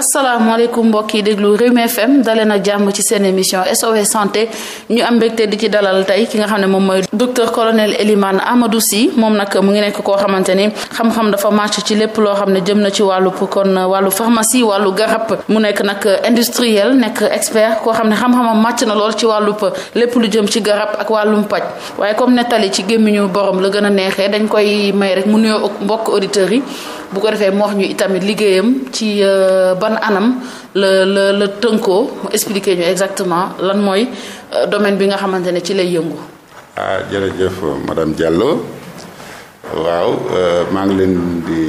asalaamaaleykum mbokk yi déglu Rewmi FM daleen a jàmm ci seen émission SOS santé ñu am mbégte di ci dalal tey ki nga xam ne moom mooy docteur colonel Elimane Amadou si moom nag mu ngi nekk koo xamante ni xam-xam dafa màcc ci lépp loo xam ne jëm na ci wàllu kon wàllu pharmacie wàllu garab mu nekk nag industriel nekk expert koo xam ne xam-xamam màcc na lool ci wàllu lépp lu jëm ci garab ak wàllum paj waaye comme nettali ci gémmiñu borom la gën a neexee dañ koy may rek mu nuyoo mbokk auditeurs yi bu ko defee mu wax ñu itamit liggéeyam ci euh, ban anam la la tënkoo mu expliquer ñu exactement lan mooy euh, domaine bi nga xamante ne ci lay yëngu. ah jërëjëf madame Diallo waaw euh, maa ngi leen di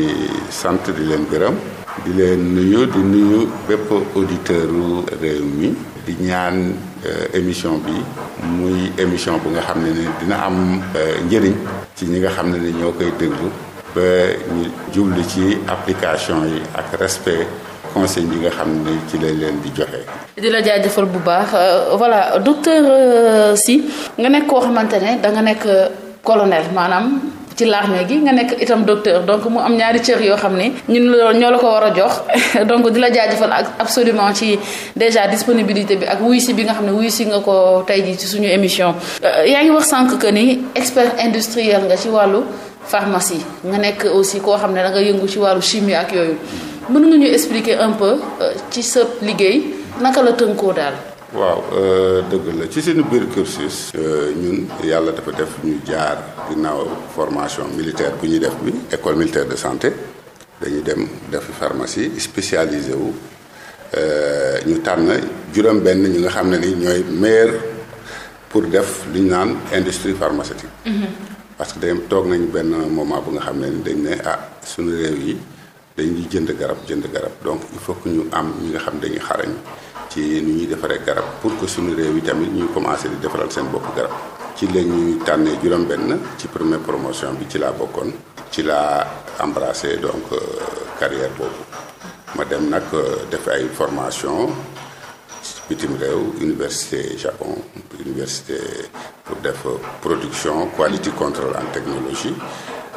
sant di leen gërëm. di leen nuyu di nuyu bépp auditeur u réew mi di ñaan émission bi muy émission bu nga xam ne ni dina am njëriñ ci ñi nga xam ne ni ñoo koy déglu ba ñu jublu ci application yi ak respect conseil yi nga xam ne ci lañ leen di joxe. di la jaajëfal bu baax euh, voilà docteur euh, si nga nekk koo xamante ne da nga nekk euh, colonel maanaam. ci l'armée gi nga nekk itam docteur donc mu am ñaari cër yoo xam ne ñun la ñoo la ko war a jox donc di la jaajëfal ak absolument ci déjà disponibilité bi ak wuy si bi nga xam ne wuy si nga ko tey ji ci suñu émission yaa ngi wax sànq que ni expert industriel nga ci wàllu pharmacie nga nekk aussi koo xam ne da nga yëngu ci wàllu chimie ak yooyu mën nga ñu expliquer un peu euh, ci sa liggéey naka la tënkoo daal. waaw euh, dëgg la ci suñu biir cursus euh, ñun yàlla dafa def ñu jaar ginnaaw formation militaire bu ñuy def bi école militaire de santé dañu dem def pharmacie spécialisé wu ñu tànn juróom benn ñi nga xam ne ni ñooy meilleur pour def li ñu naan industrie pharmaceutique mm-hmm. parce que dañ toog nañu benn moment bu nga xam ne dañ ne ah suñu réew yi dañuy jënd garab jënd garab donc il faut que ñu am ñi nga xam dañuy xarañ ci nu ñuy defaree garab pour que suñu réew yi tamit ñuy commencé di defaral seen bopp garab ci la ñuy tànnee juróom-benn ci première promotion bi ci laa bokkoon ci laa embrassé donc euh, carrière boobu ma dem nag euh, def ay formation bitim réew université Japon université pour def production quality control en technologie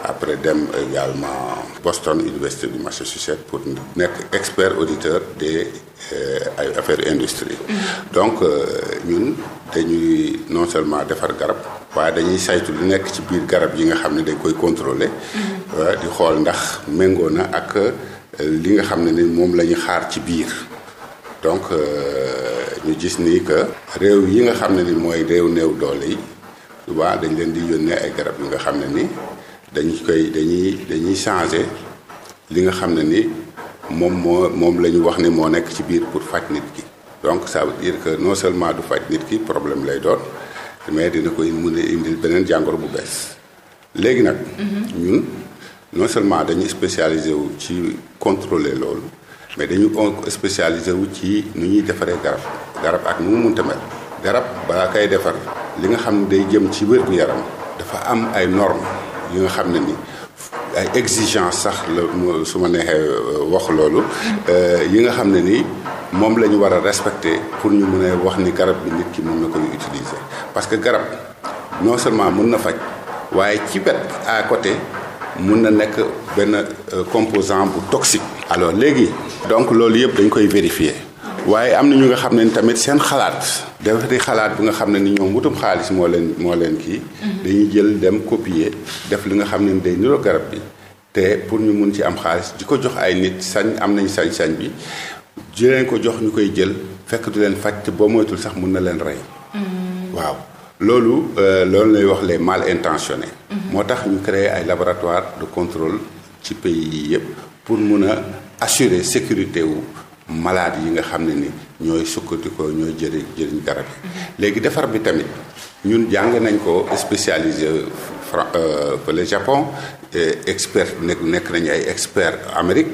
après dem également Boston université du Massachusetts pour nekk expert auditeur des euh, ay affaires industrie mm-hmm. donc euh, ñun dañuy non seulement defar garab waaye dañuy saytu lu nekk ci biir garab yi nga xam ne dañ koy contrôler mm-hmm. di xool ndax méngoo na ak euh, li nga xam ne ni moom la ñu xaar ci biir donc euh, ñu gis nii que réew yi nga xam ne ni mooy réew néew doole yi souvent dañ leen di yónnee ay garab yu nga xam ne ni dañu koy dañuy dañuy changer li nga xam ne ni moom moo moom la ñu wax ni moo nekk ci biir pour faj nit ki donc ça veut dire que non seulement du faj nit ki problème lay doon mais dina koy mun a indil beneen jàngoro bu bees léegi nag mhm. ñun non seulement dañuy spécialisé wu ci contrôler loolu mais dañu spécialisé wu ci nu ñuy defaree garab garab ak nu mu munta mel garab balaa kay defar li nga xam ne day jëm ci wér gu yaram dafa am ay normes yi nga xam ne ni ay exigence sax la su ma neexee euh, wax loolu euh, yi nga xam ne ni moom la ñu war a respecter pour ñu mun a wax ni garab bi nit ki mën na koy utiliser parce que garab non seulement mun na faj waaye ci wet à côté mun na nekk benn euh, composant bu toxique alors léegi donc loolu yëpp dañ koy vérifier waaye am na ñu nga xam ne ni tamit seen xalaat dafa di xalaat bu nga xam ne ni ñoom wutum xaalis moo leen moo leen kii mhm. dañu jël dem copier def li nga xam ne ni day niroo garab bi te pour ñu mun ci am xaalis di ko jox ay nit sañ am nañ sañ-sañ bi di leen ko jox ñu koy jël fekk du leen faj te boo moytul sax mun na leen rey mhm. waaw loolu euh, loolu lay wax les mal intentionnés mhm. moo tax ñu créer ay laboratoire de contrôle ci pays yi yëpp pour mun a assurer sécurité wu malade yi nga xam ne ni ñooy sukkandikoo ñooy jëriñ jëriñ garab yi mhm. léegi defar bi tamit ñun jàng nañ ko spécialisé Fra euh, fële Japon expert nekk nekk nañu ay expert Amérique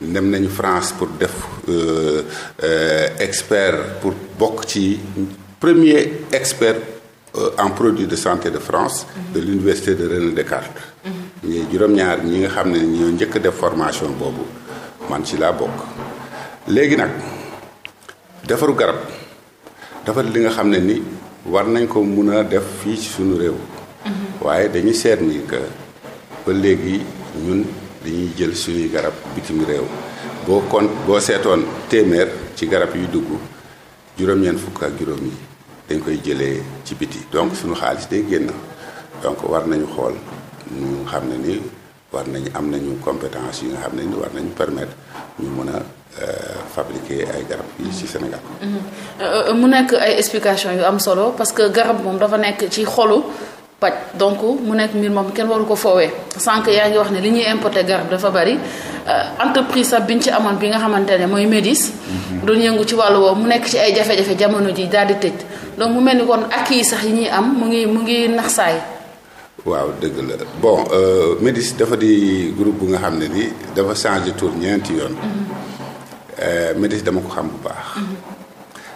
dem nañu France pour def euh, euh, expert pour bokk ci premier expert en produits de santé de France mhm. de l'université de René Descartes mhm. ñi juróom-ñaar ñi nga xam ne ñoo njëkk def formation boobu man ci laa bokk léegi nag defaru garab defar li nga xam ne ni war nañ ko mun a def fii ci suñu réew mhm. waaye dañu seet ni que ba léegi ñun dañuy jël suñuy garab bitim réew boo kon boo seetoon téeméer ci garab yu dugg juróom-ñeent fukk ak juróom yi dañ koy jëlee ci biti donc suñu xaalis de génn donc war nañu xool ñu xam ne ni war nañ am nañu compétence yi nga xam ne ni war nañu permettre ñu mën a euh, fabriquer ay garab fii ci Sénégal. Euh, mu nekk ay explication yu am solo parce que garab moom dafa nekk ci xolu paj donc mu nekk mbir moom kenn waru ko foowee sànq yaa ngi wax ne li ñuy importer garab dafa bari euh, entreprise sax bi ñu ci amoon bi nga xamante ne mooy Médis. Mhm. doon yëngu ci wàllu woowu mu nekk ci ay jafe-jafe jamono ji daal di tëj donc mu mel ni kon ak yi sax yi ñuy am mu ngi mu ngi naxsaay. waaw dëgg la bon euh, MEDIS dafa di groupe bu nga xam ne ni dafa changé tour ñeenti yoon. Euh, MEDIS dama ko xam bu baax.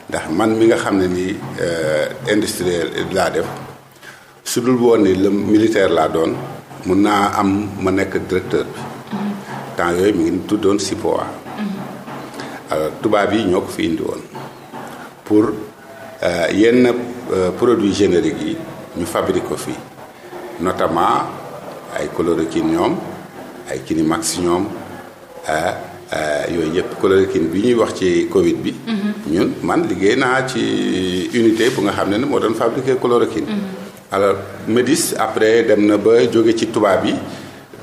ndax man mi nga xam ne nii euh, industriel laa def su dul woon ni le militaire laa doon mun naa am ma nekk directeur bi. temps yooyu mi ngi tuddoon SIPOA. alors tubaab yi ñoo ko fi indi woon pour yenn produits génériques yi ñu fabrique ko fii. notamment ay chloroquine ñoom ay Kinimax ñoom ah, ah, yooyu yëpp chloroquine bi ñuy wax ci Covid bi. Mm-hmm. ñun man liggéey naa ci unité bu nga xam ne moo doon fabriquer chloroquine. Mm-hmm. alors Médis après dem na ba jóge ci tubaab yi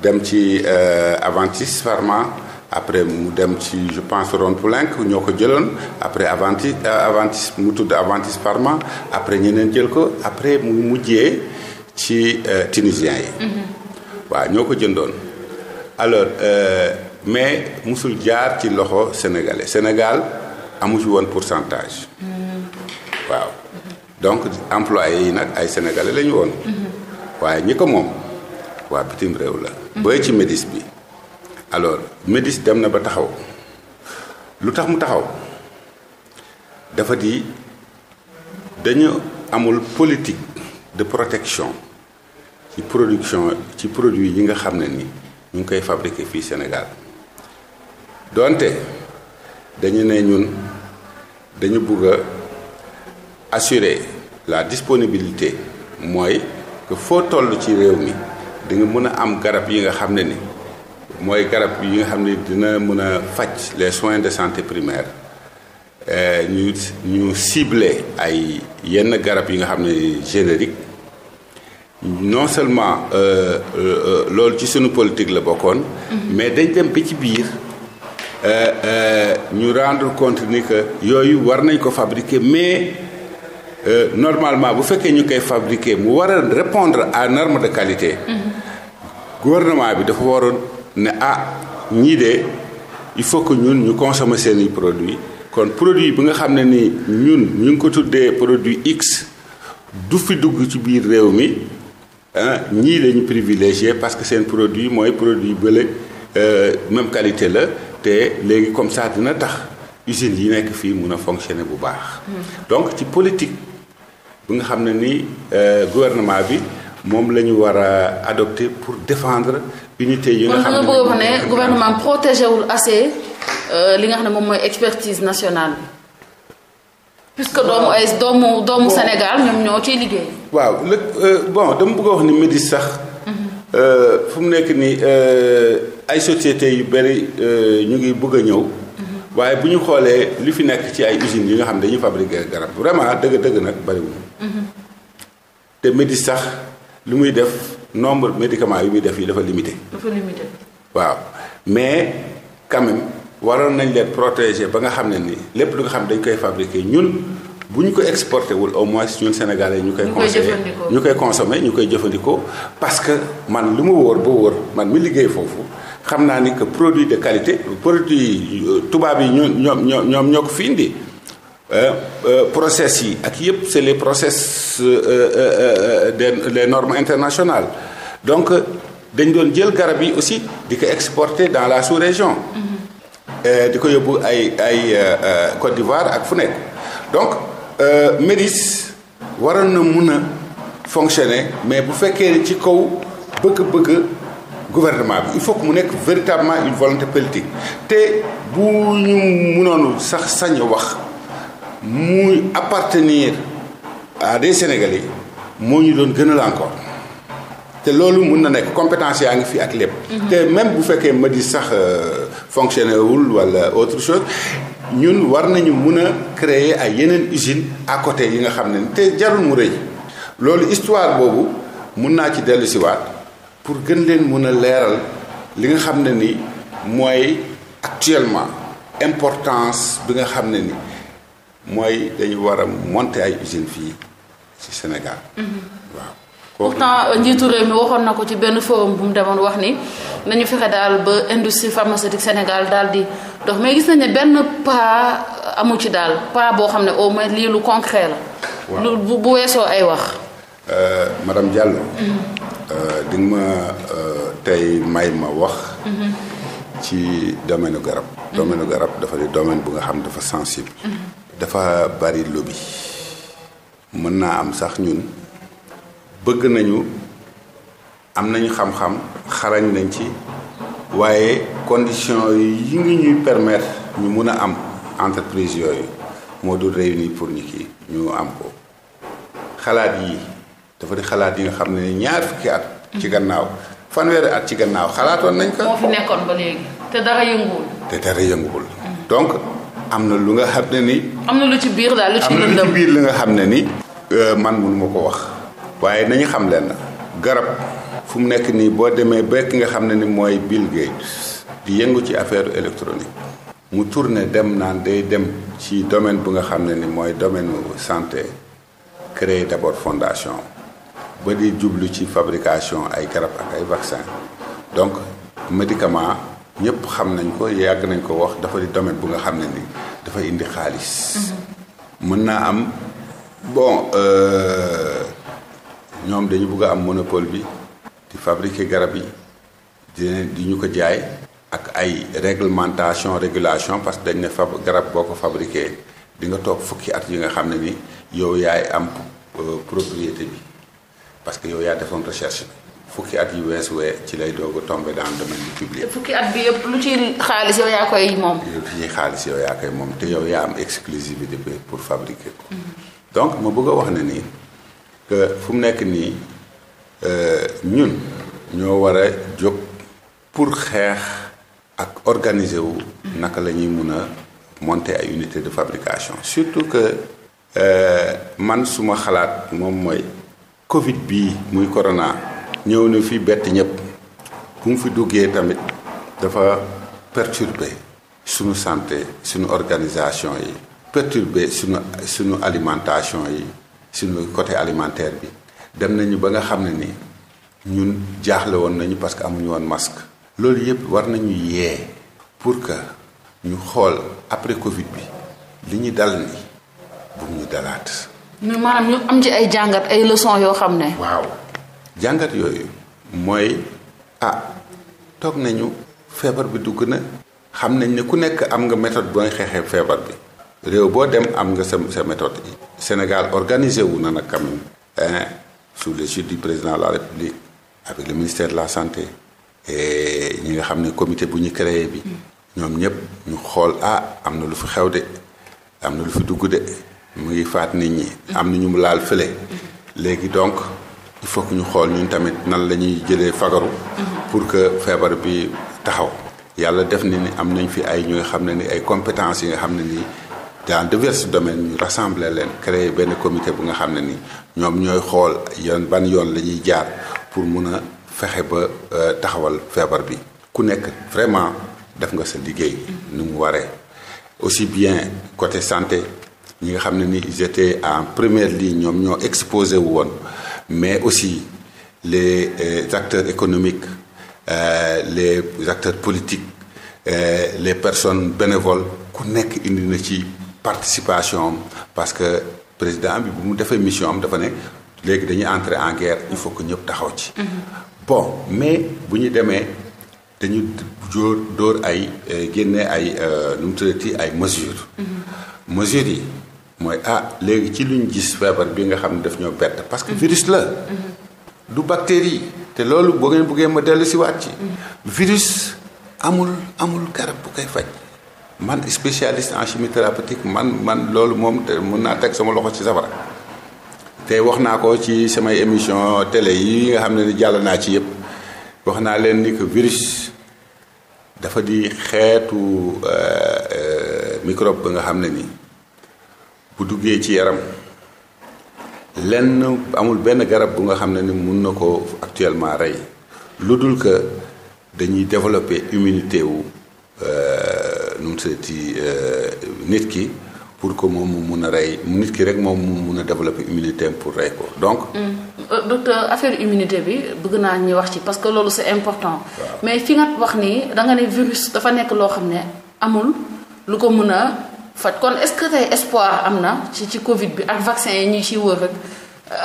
dem ci euh, Aventis Pharma après mu dem ci je pense Ronpoulenc ñoo ko jëloon après Aventis euh, Aventis mu tudd Aventis Pharma après ñeneen jël ko après mu mujjee. ci euh, tunisien yi. Mm-hmm. waaw ñoo ko jëndoon. alors euh, mais mosul jaar ci loxo sénégalais Sénégal amu ci woon pourcentage. Mm-hmm. waaw donc employé yi nag ay sénégalais la woon. Mm-hmm. waaye ñi ko moom waa bitim réew la. ba ci MEDIS bi. alors MEDIS dem na ba taxaw lu tax mu taxaw dafa di dañu amul politique. de protection ci production ci produit yi nga xam ne ni ñu ngi koy fabriquer fii Sénégal donte dañu ne ñun dañu bëgg a assurer la disponibilité mooy que foo toll ci réew mi di nga mën a am garab yi nga xam ne ni mooy garab yi nga xam ne dina mën a faj les soins de santé primaire Euh, ñu ñu ciblé ay yenn garab yi nga xam ne générique non seulement euh, euh, loolu ci suñu politique la bokkoon. Mhm. mais dañ dem bi ci biir ñu rendre compte ni que yooyu war nañ ko fabriquer mais normalement bu fekkee ñu koy fabriquer mu war a répondre à norme de qualité. Mhm. gouvernement bi dafa waroon ne ah ñii de il faut que ñun ñu consommer seeni produit kon produit bi nga xam ne ni ñun ñu ngi ko tuddee produit X du fi dugg ci biir réew mi ah ñii la ñu privilégié parce que seen produit mooy produit bële euh, même qualité la te léegi comme ça dina tax usines yi nekk fii mun a fonctionner bu baax. Hmm. donc ci politique bi nga xam ne ni euh, gouvernement bi. moom la ñu war a adopté pour défendre unité yi nga xam ne kon nga bëgg ne gouvernement protégé euh, li nga xam ne moom mooy expertise nationale bi. puisque doomu ay doomu doomu Sénégal ñoom ñoo ciy liggéey. waaw lë euh, bon dama bëgg a wax ni MEDIS sax. Mhm. Euh, fu mu nekk nii ay sociétés yu bëri ñu ngi bëgg a ñëw. Mhm. waaye bu ñu xoolee li fi nekk ci ay usines yi nga xam ne dañuy fabriquer garab vraiment dëgg dëgg nag bëriwul. Mhm. te MEDIS sax lu muy def nombre médicament yu muy def yi dafa limité. dafa waaw mais quand même waroon nañ leen protéger ba nga xam ne ni lépp lu nga xam dañ koy fabriquer ñun bu ñu ko exporté wul au moins ñun sénégalais ñu koy. ñu ñu koy consommé ñu koy jëfandikoo. parce que man lu ma wóor ba wóor man mi liggéey foofu xam naa ni que produit de qualité produit euh, tubaab yi ñun ñoom ñoom ñoo ko fi indi. Euh, euh, process yi ak yëpp c'est les process euh, des les normes internationales donc dañ doon jël garab yi aussi di ko exporter dans la sous-région mm-hmm. di ko yóbbu ay ay Côte d'Ivoire ak fu nekk donc MEDIS waroon na mun a fonctionner mais bu fekkee ci kaw bëgg-bëgg gouvernement bi il faut que mu nekk véritablement une volonté politique te bu ñu mënoonu sax sañ wax muy appartenir à des Sénégalais moo ñu doon gënal encore te loolu mun na nekk compétence yaa ngi fi ak lépp. Mhm. te même bu fekkee ma di sax euh, fonctionné wul wala autre chose ñun war nañu mun a créer ay yeneen usine à côté yi nga xam ne te jarul mu rëy loolu histoire boobu mun naa ci dellu siwaat pour gën leen mun a leeral li nga xam ne ni mooy actuellement importance bi nga xam ne ni. mooy dañu war a monter ay usine fii ci Sénégal. Mm-hmm. waaw. pourtant euh, njiitu réew mi waxoon na ko ci benn forum bu mu demoon wax ni nañu fexe daal ba industrie pharmaceutique Sénégal daal di dox mais gis nañ ne benn pas amu ci daal pas boo xam ne au moins lii lu concret la. lu bu weesoo ay wax. Euh, madame Diallo. Mm-hmm. Euh, di nga ma tey may ma wax. Mm-hmm. ci domaine garab. domaine garab dafa di domaine bu nga xam dafa sensible. dafa bari lobby mën naa am sax ñun bëgg nañu am nañu xam-xam xarañ nañ ci waaye condition yi ngi ñuy permettre ñu mun a am entreprise yooyu moo dul réuni pour ñu ki ñu am ko xalaat yi dafa di xalaat yi nga xam ne ñaar fukki at ci mm-hmm. gannaaw fanweeri at ci gannaaw xalaatoon nañ ko moo fi nekkoon ba léegi te dara yënguwul te dara yënguwul mm-hmm. am na lu nga xam ne ni. am na lu ci biir daal lu li nga xam ne ni. Euh, man ma ko wax. waaye nañu xam leen garab fu mu nekk nii boo demee ba ki nga xam ne ni mooy Bill Gates di yëngu ci affaire électronique mu tourné dem naan day dem ci domaine bu nga xam ne ni mooy domaine santé créer d'abord fondation ba di jublu ci fabrication ay garab ak ay vaccin donc médicament. ñëpp xam nañ ko yàgg nañ ko wax dafa di domaine bu nga xam ne ni dafa indi xaalis. Mm-hmm. mën naa am bon euh, ñoom dañu bugg a am monopole bi di fabriquer garab yi di di ñu ko jaay. ak ay réglementation régulation parce que dañ ne fa garab boo ko fabriqué di nga toog fukki at yi nga xam ne ni yow yaay am euh, propriété bi parce que yow yaa defoon recherche bi. fukki at yu wees wee ci lay doog a tombé dans le domaine fukki at bi yëpp lu ci xaalis yow yaa koy moom. lu moom te yow yaa am exclusivité bi pour fabriquer mm-hmm. donc ma bëgg a wax ne nii que fu mu nekk nii euh, ñun ñoo war a jóg pour xeex ak organiser wu. naka la ñuy mun a monter ay unité de fabrication surtout que euh, man suma xalaat moom mooy Covid bii muy corona. ñëw na fi bett ñëpp bu mu fi duggee tamit dafa perturber suñu santé suñu organisation yi perturber suñu suñu alimentation yi suñu côté alimentaire bi dem nañu ba nga xam ne ni ñun jaaxle woon nañu parce que amuñu woon masque loolu yëpp war nañu yee pour que ñu xool après covid bi li ñu dal ni bu ñu dalaat mais maanaam ñu am ci ay jàngat ay leçons yoo xam ne waaw jàngat yooyu mooy ah toog nañu feebar bi dugg na xam nañ ne ku nekk am nga méthode booy xeexee feebar bi réew boo dem am nga sa sa yi Sénégal organisé wu na nag quand même sous l'égide du président de la République avec le ministère de la santé et ñi nga xam ne comité bu ñu créer bi ñoom ñëpp ñu xool ah am na lu fi xew de am na lu fi dugg de mu ngi faat nit ñi am na ñu mu laal fële léegi donc il faut que ñu xool ñun tamit nan la ñuy jëlee fagaru. pour que feebar bi taxaw. yàlla def na ni am nañ fi ay ñooy xam ne ni ay compétences yi nga xam ne nii dans divers domaines ñu rassembler leen créer benn comité bu nga xam ne ni ñoom ñooy xool yoon ban yoon la ñuy jaar pour mun a fexe ba euh, taxawal feebar bi. ku nekk vraiment def nga sa liggéey. nu mu waree aussi bien côté santé ñi nga xam ne ni ils en première ligne ñoom ñoo exposé wu woon. mais aussi les euh, acteurs économiques, euh, les acteurs politiques, euh, les personnes bénévoles ku nekk indi na ci participation parce que président bi bu mu defee mission am dafa ne léegi dañuy entrer en guerre il faut que ñëpp taxaw ci. Mhm. bon mais bu ñu demee dañu jóor dóor ay génne ay nu mu tuddati ay mesures. Mhm. mesures yi. mooy ah léegi ci luñ gis feebar bi nga xam ne daf ñoo bett parce que virus la mm-hmm. du bactérie te loolu boo ngeen bëggee ma dellu si waat ci mm-hmm. virus amul amul garab bu koy faj man spécialiste en chimie thérapeutique man man loolu moom te mën naa teg sama loxo ci safara te wax naa ko ci samay émission télé yi nga xam ne ni jàll naa ci yëpp wax naa leen ni que virus dafa di xeetu euh, euh, microbe ba nga xam ne nii bu duggee ci yaram lenn amul benn garab bu nga xam ne ni mun na ko actuellement rey lu dul que dañuy développer immunité wu euh, nu mu seeti euh, nit ki pour que moom mu mun a rey nit ki rek moom mu mun a développer immunité pour rey ko donc. Mm. Euh, docteur affaire immunité bi bëgg naa ñu wax ci parce que loolu c'est important. mais fi nga wax nii da ne virus dafa nekk loo xam ne amul lu ko mun a. faj kon est-ce que tey espoir am na ci ci Covid bi ak vaccin yi ñu ciy wër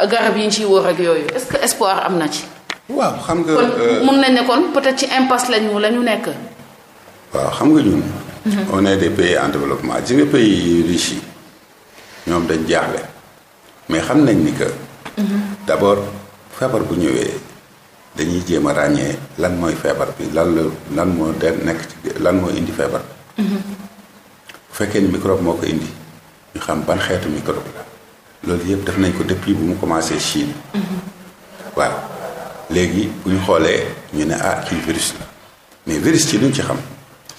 ak garab yi ñu ciy wër ak yooyu est-ce que espoir am na ci. waaw xam nga kon euh, mun nañ nekkoon peut-être ci impasse lañu la ñu nekk. waaw xam nga ñun. Mhm. on est des pays en développement ci nga pays riche yi ñoom dañ jaaxle mais xam nañ ni que. Mhm. d'abord feebar bu ñëwee dañuy jéem a ràññee lan mooy feebar bi lan la lan moo de nekk ci lan moo indi feebar fekkee ni microbe moo ko indi ñu xam ban xeetu microbe la loolu yëpp def nañ ko depuis bu mu commencé Chine. Mm-hmm. waaw léegi bu ñu xoolee ñu ne ah kii virus la mais virus ci luñ ci xam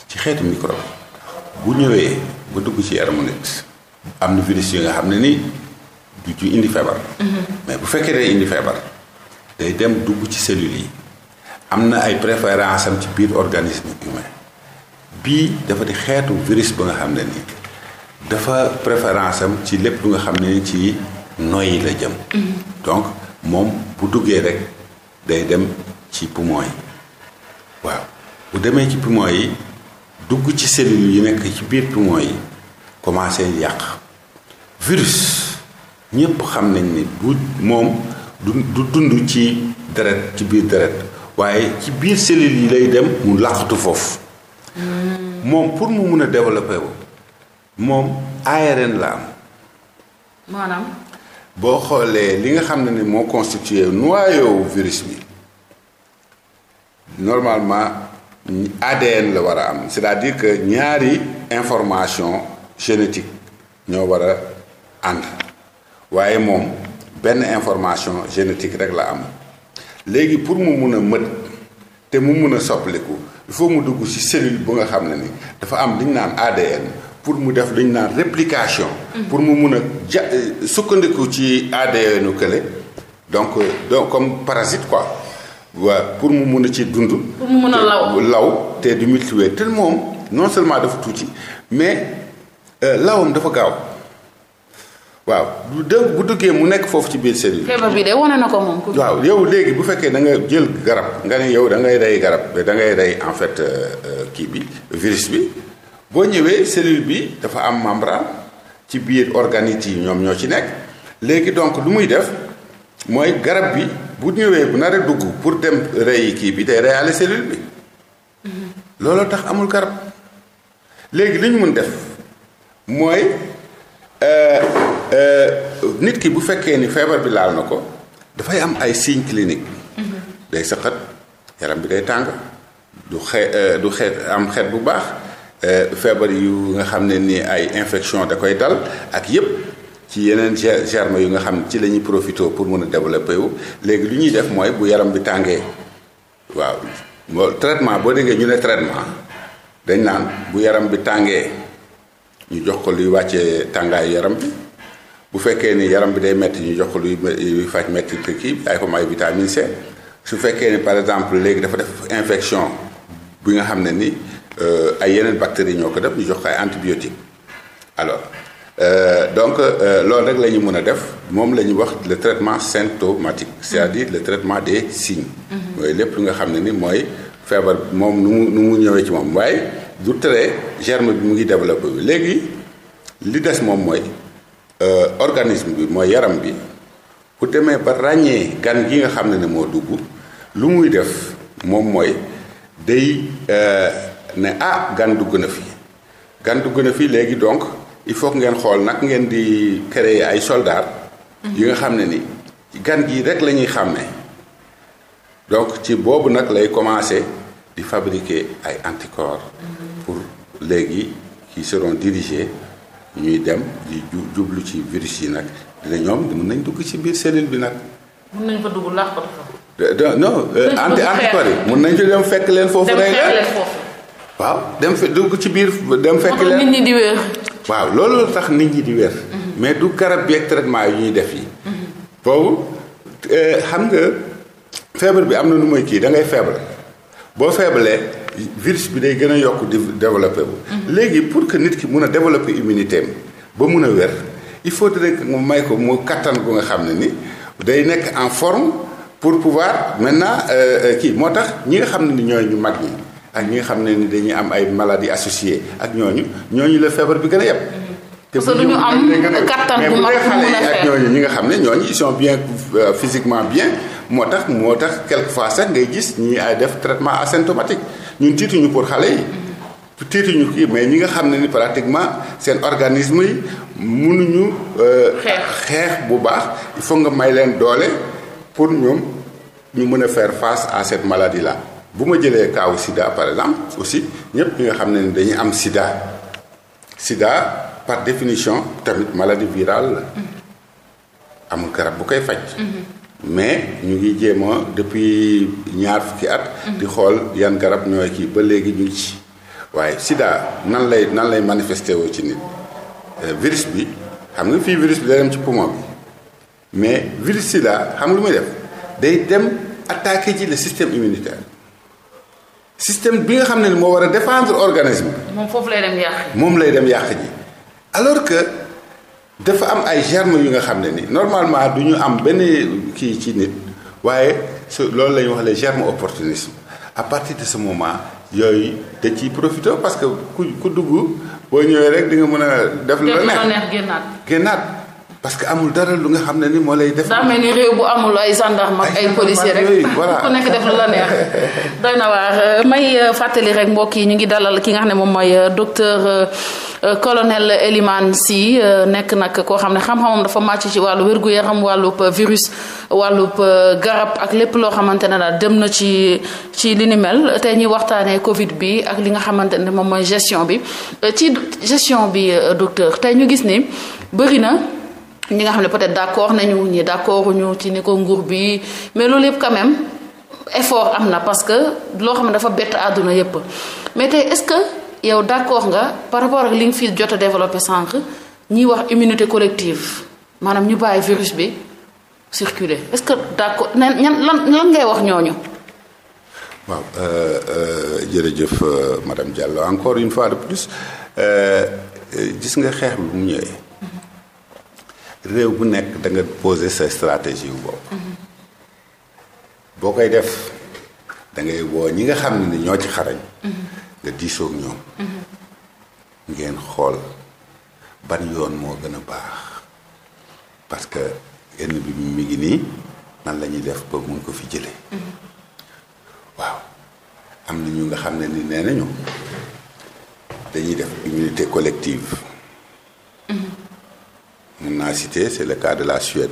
ci xeetu microbe bu ñëwee ba dugg ci yaramu nit am na virus yi nga xam ne ni du ju indi feebar. Mm-hmm. mais bu fekkee day indi feebar day dem dugg ci cellules yi am na ay préférence am ci biir organisme humain. bii dafa di xeetu virus ba nga xam ne nii dafa préférence am ci lépp lu nga xam ne ci noyyi la jëm. Mm-hmm. donc moom bu duggee rek day dem ci poumon yi waaw bu demee ci poumon yi dugg ci cellules yi nekk ci biir poumon yi commencé yàq virus ñëpp xam nañ ni bu moom du du dund ci deret ci biir deret waaye ci biir cellules yi lay dem mu làqatu foofu. moom pour mu mun a développer wu moom ARN la am. maanaam. boo xoolee li nga xam ne ni moo constitué noyau virus bi normalement ADN la war a am c'est-à-dire que ñaari information génétique ñoo war a ànd waaye moom benn information génétique rek la am léegi pour mu mun a mët. te mu mun a soppaliku il faut mu dugg ci cellule bu nga xam ne ni dafa am li naan ADN pour mu def li ñu naan réplication. Mm-hmm. pour mu mun a ja euh, sukkandiku ci ADN kële donc euh, doo comme parasite quoi waa pour mu mun a ci dund. mun a law law te du multiplier te moom non seulement dafa tuuti mais euh, lawam dafa gaaw. waaw dégg bu duggee mu nekk foofu ci biir cellule. feebar bi de wane na ko moom. waaw yow léegi bu fekkee da jël garab nga ne yow dangay ngay rey garab da ngay rey en fait euh, euh, kii bi virus bi boo ñëwee cellule bi dafa am membrane ci biir organite yi ñoom ñoo ci nekk léegi donc lu muy def mooy garab bi bu ñëwee bu naree dugg pour dem rey kii bi day reyaale cellule bi mhm. looloo tax amul garab léegi li ñu mun def mooy. Euh, euh, nit ki bu fekkee ni feebar bi laal na ko dafay am ay signes cliniques. Mm-hmm. day sëqat yaram bi day tàng du xee euh, du xeet am xeet bu baax feebar yu nga xam ne ni ay infection da koy dal ak yépp ci yeneen germe yu nga xam ci la ñuy profité pour mën a développer wu léegi lu ñuy def mooy bu yaram bi tàngee waaw traitement boo déggee ñu ne traitement dañ naan bu yaram bi tàngee. ñu jox ko luy wàccee tàngaay yaram bi bu fekkee ni yaram bi day metti ñu jox ko luy luy faj metti kii ay comme ay vitamine C su fekkee ni par exemple léegi dafa def infection bi nga xam ne ni euh, ay yeneen bactéries ñoo ko def ñu jox ko ay antibiotique alors euh, donc euh, loolu rek la ñu mën a def moom la ñu wax le traitement symptomatique c'est-à-dire le traitement des signes mm-hmm. mooy lépp lu nga xam ne ni mooy feebar moom nu mu nu mu ñëwee ci moom waaye du tere germe bi mu ngi développé bi léegi li des moom mooy euh, organisme bi mooy yaram bi bu demee ba ràññee gan gi nga xam ne ne moo dugg lu muy def moom mooy day euh, ne ah gan dugg na fi gan dugg na fi léegi donc il faut ngeen xool nag ngeen di créer ay soldats. yi nga xam ne ni gan gii rek la ñuy xàmmee donc ci boobu nag lay commencer. di fabriquer ay anticorps pour léegi qui seront dirigés ñuy dem di jublu ci virus yi nag dina ñoom mën nañ dugg ci biir cellule bi nag. mën nañ fa dugg laax ko dafa. Euh, yi mën nañ ci dem fekk leen foofu. dem fekk leen waaw dem fe dugg ci biir dem fekk leen nit waaw loolu tax nit ñi di wér. Mhm. mais du garab yeeg traitement yu ñuy def yi mhm. boobu euh, xam nga feebar bi am na nu mooy kii da ngay feebar. boo feebalee virus bi day gën a yokk di développé bu mhm. léegi pour que nit ki mun a développé immunité ba mun a wér il faut que mu may ko mu kattan bu nga xam ne ni day nekk en forme pour pouvoir maintenant euh, euh, kii moo tax ñi nga xam ne ni ñooy ñu mag ñi ak ñi nga xam ne ni dañu am ay maladies associées ak ñooñu ñooñu la feebar bi gën a yem. te bu ñu am kattan bu mag mais bu ñooñu ñi nga xam ne ñooñu ils bien euh, physiquement bien. moo tax moo tax quelquefois sax ngay gis ñi ay def traitement asymptomatique ñun tiituñu pour xale yi. tiituñu kii mais ñi nga xam ne ni pratiquement seen organisme yi mënuñu. Euh, xeex xeex bu baax il nga may leen doole pour ñoom ñu mën a fair face à cette maladie là. bu ma jëlee kaawu Sida par exemple aussi ñëpp ñu nga xam ne ni dañuy am Sida Sida par définition tamit maladie virale la mm-hmm. amul garab bu koy faj. Mm-hmm. mais ñu ngi jéemoo a depuis ñaar fukki at. di xool yan garab ñoo kii ba léegi ñu ci. waaye sida nan lay nan lay manifesté woo ci nit euh, virus bi xam nga fii virus bi day dem ci poumon bi mais virus sida xam lu muy def day dem attaqué ji le système immunitaire système bi nga xam ne ni moo war a défendre organisme moom foofu lay dem yàq. moom lay dem yàq ji alors que. dafa am ay germes yu nga xam ne nii normalement du ñu am benn kii ci nit waaye su loolu la wax les germes opportunisme à partir de ce moment yooyu da ciy profité parce que ku ku dugg boo ñëwee rek di nga mën a. def lu la génnaat. parce que amul dara lu nga xam ne ni moo lay def. daa ni réew bu amul ay gendarme ak ay policiers rek ku nekk def la neex doy may euh, fàttali rek mbokk yi ñu ngi dalal ki nga xam ne moom mooy euh, docteur euh, colonel Elimane Sy nekk nag koo xam ne xam-xamam dafa màcc ci wàllu wér-gu-yaram wàllub virus wàllub garab ak lépp loo xamante ne daal dem na ci ci li ni mel tey ñuy waxtaanee Covid bi ak li nga xamante ne moom mooy gestion bi ci gestion bi docteur tey ñu gis ni bëri na. ñi nga xam ne peut-être d'accord nañu ñi d'accord ñu ci ni ko nguur bi mais loolu yëpp quand même effort am na parce que loo xam ne dafa bett àdduna yëpp mais te est-ce que yow d'accord nga par rapport ak li nga fi jot a développé sànq ñiy wax immunité collective maanaam ñu bàyyi virus bi circuler est-ce que d'accord nan lan lan ngay wax ñooñu. waaw euh, euh, jërëjëf euh, madame Diallo encore une fois de plus gis nga xeex bi mu ñëwee. réew bu nekk da nga poser sa stratégie wu bopp boo koy def dangay woo ñi nga xam ne ñoo ci xarañ nga diisoog ñoom ngeen xool ban yoon moo gën a baax parce que yenn bi mi ngi nii nan lañuy def ba mun ko fi jële waaw am na ñu nga xam ne ni nee nañu dañuy def immunité collective a cité c'est le cas de la Suède.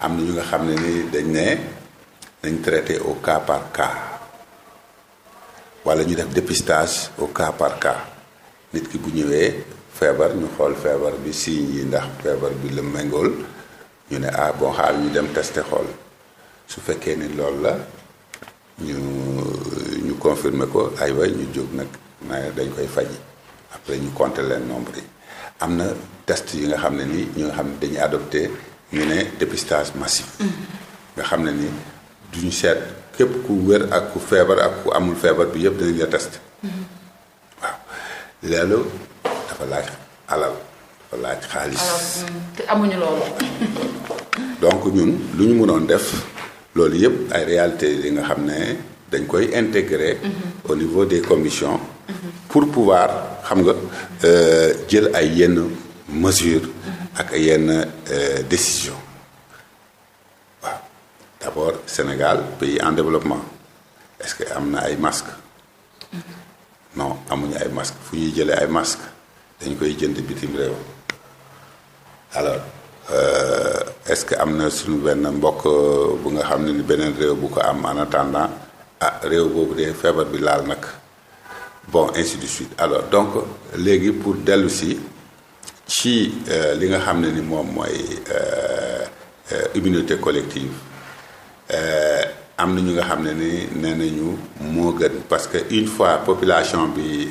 am na ñu nga xam ne nii dañ ne dañ traité au cas par cas wala ñu def dépistage au cas par cas nit ki bu ñëwee feebar ñu xool feebar bi signes yi ndax feebar bi la méngool ñu ne ah bon xaal ñu dem testé xool su fekkee ni loolu la ñu ñu confirmer ko ay way ñu jóg nag na dañ koy faji après ñu compter leen nombre yi am na test yi nga xam ne ni ñu nga xam ne dañu adopté ñu ne dépistage massif nga xam ne ni duñu seet képp ku wér ak ku feebar ak ku amul feebar bi yëpp dinañ la test waaw loolu dafa laaj alal dafa laaj xaalis mm, te amuñu loolu donc ñun lu ñu mënoon def loolu yëpp ay réalité yi nga xam ne dañ koy intégré mm-hmm. au niveau des commissions pour pouvoir xam nga euh, jël ay yenn mesures ak ay yenn euh, décisions waaw d'abord Sénégal pays en développement est-ce que am na ay masques non amuñu ay masques fu ñuy jëlee ay masques dañu koy jënd bitim réew alors euh, est-ce que am na suñu benn mbokk euh, bu nga xam ne ni beneen réew bu ko am en attendant ah réew boobu de feebar bi laal nag bon ainsi de suite alors donc léegi pour dellu si ci euh, li nga xam ne ni moom mooy euh, euh, immunité collective am na ñu nga xam ne ni nee nañu moo gën parce que une fois population bi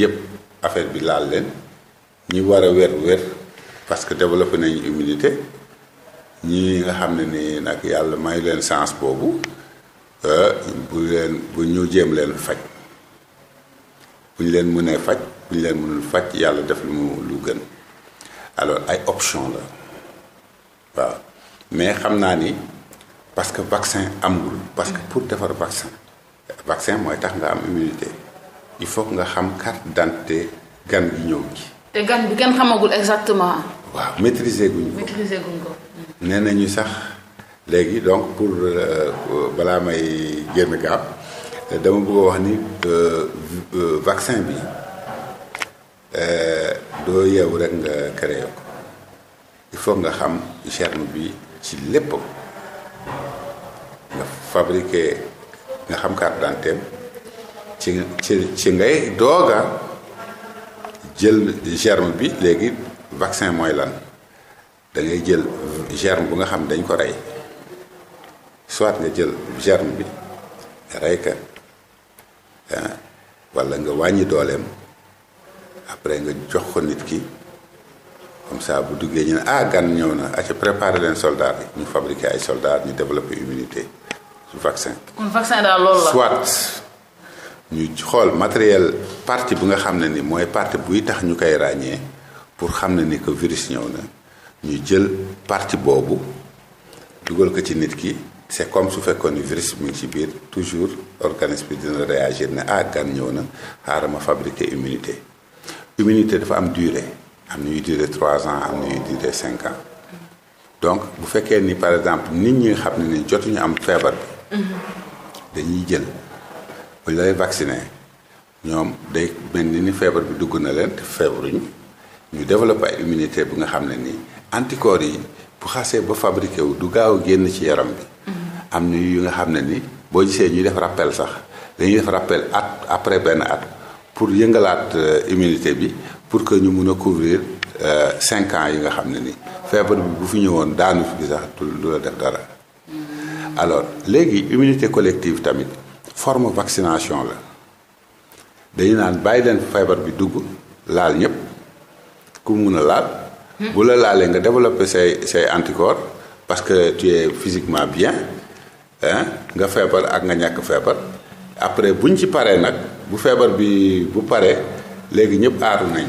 yépp affaire bi laal leen ñi war a wér wér parce que développé nañu immunité ñi nga xam ne ni nag yàlla may leen chance boobu bu leen bu ñu jéem leen faj bu ñu leen mënee faj bu ñu leen mënul faj yàlla def lu mu lu gën alors ay option la waaw mais xam naa ni parce que vaccin amul parce que pour defar vaccin vaccin mooy tax nga am immunité il faut nga xam carte d'identité gan gi ñëw gi te gan bi kenn xamagul exactement. waaw maîtriser gu ko maîtriser ko. nee nañu sax léegi donc pour euh, balaa may génn gaaw. dama bëgg a wax ni euh, euh, vaccin bi euh, doo yeewu rek nga créé ko il faut nga xam germe bi ci lépp nga fabriqué nga xam carte d'identité ci ci ci ngay dooga jël germe bi léegi vaccin mooy lan dangay ngay jël germe bu nga xam dañ ko rey soit nga jël germe bi rey ka walla nga wàññi dooleem après nga jox ko nit ki comme ça bu duggee ñu ne ah gan ñëw na a ah, ci préparer leen soldat yi ñu fabriquer ay soldat ñu développer immunité su vaccin. kon vaccin daal ñu xool matériel partie bu nga xam ne ni mooy partie buy tax ñu koy ràññee pour xam ne ni que virus ñëw na ñu jël parti boobu dugal ko ci nit ki. c' est comme su fekkoon ni virus bi mu ngi ci biir toujours organisme bi dina réagir ne ah gan ñëw na xaaral ma fabriquer immunité immunité dafa am durée am na ñuy durée trois ans am na ñuy cinq ans donc bu fekkee ni par exemple nit ñuy xam ne ni jotuñu am feebar bi. dañuy jël bu lay vacciné ñoom day mel ni feebar bi dugg na leen te feebaruñu ñu développé ay immunité bu nga xam ne ni anticorps yi bu xasee ba fabriqué wu du gaaw a génn ci yaram bi. am na yu nga xam ne ni boo gisee ñuy def rappel sax dañuy def rappel at après benn at pour yëngalaat euh, immunité bi pour que ñu mun a couvrir euh, cinq ans yi nga xam ne ni feebar bi bu fi ñëwoon daanu fi sax du la def dara alors léegi immunité collective tamit forme vaccination la dañu naan bàyyi leen feebar bi dugg laal ñëpp ku mun a laal hmm. bu la laalee nga développer say say anticorps parce que tu es physiquement bien nga feebar ak nga ñàkk feebar après buñ ci paree nag bu feebar bi bu paree léegi ñëpp aaru nañ.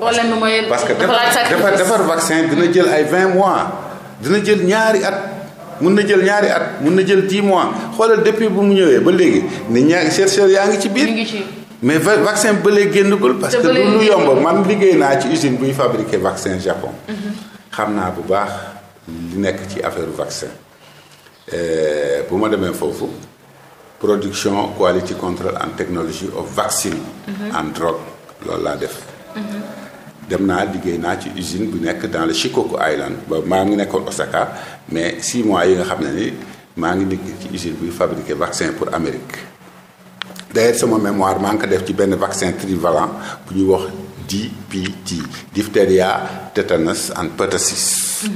problème mooy parce que defar defar vaccin dina jël ay vingt mois dina jël ñaari at. mun na jël ñaari at mun na jël 10 mois xoolal depuis bu mu ñëwee ba léegi nit ñaa chercheur yaa ngi ci biir. mais vaccin ba léegi génnagul. parce que lu lu yomb man liggéey naa ci usine buy fabriquer vaccin Japon. Mhm. xam naa bu baax li nekk ci affaire vaccin. Euh, bu ma demee foofu production quality control and technology of vaccine mhm. and drug loolu laa def mhm. dem naa liggéey naa ci usine bu nekk dans le Shikoku Island ba maa ngi nekkoon Osaka mais six mois yi nga xam ne ni maa ngi nekk ci usine buy fabriquer vaccin pour Amérique d'ailleurs sama mémoire maa ngi ko def ci benn vaccin trivalent bu ñuy wax DPT, diphtéria, tétanos and pertussis.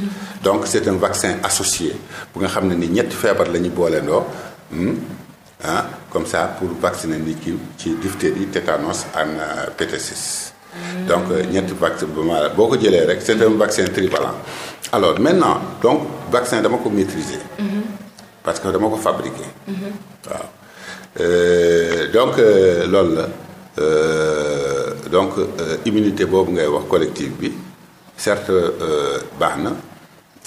donc c' est un vaccin associé bu nga xam ne ni ñetti feebar la ñu booleendoo hmm, ah comme ça pour vacciner nit ki ci diphtérie tétanos and euh, pertussis. donc euh, ñetti vaccin bu ma boo ko jëlee rek c' est un vaccin trivalent. alors maintenant donc vaccin dama ko maîtriser. parce que dama ko fabriqué. waaw euh, donc loolu la. donc euh, immunité boobu ngay wax collective bi certes euh, baax na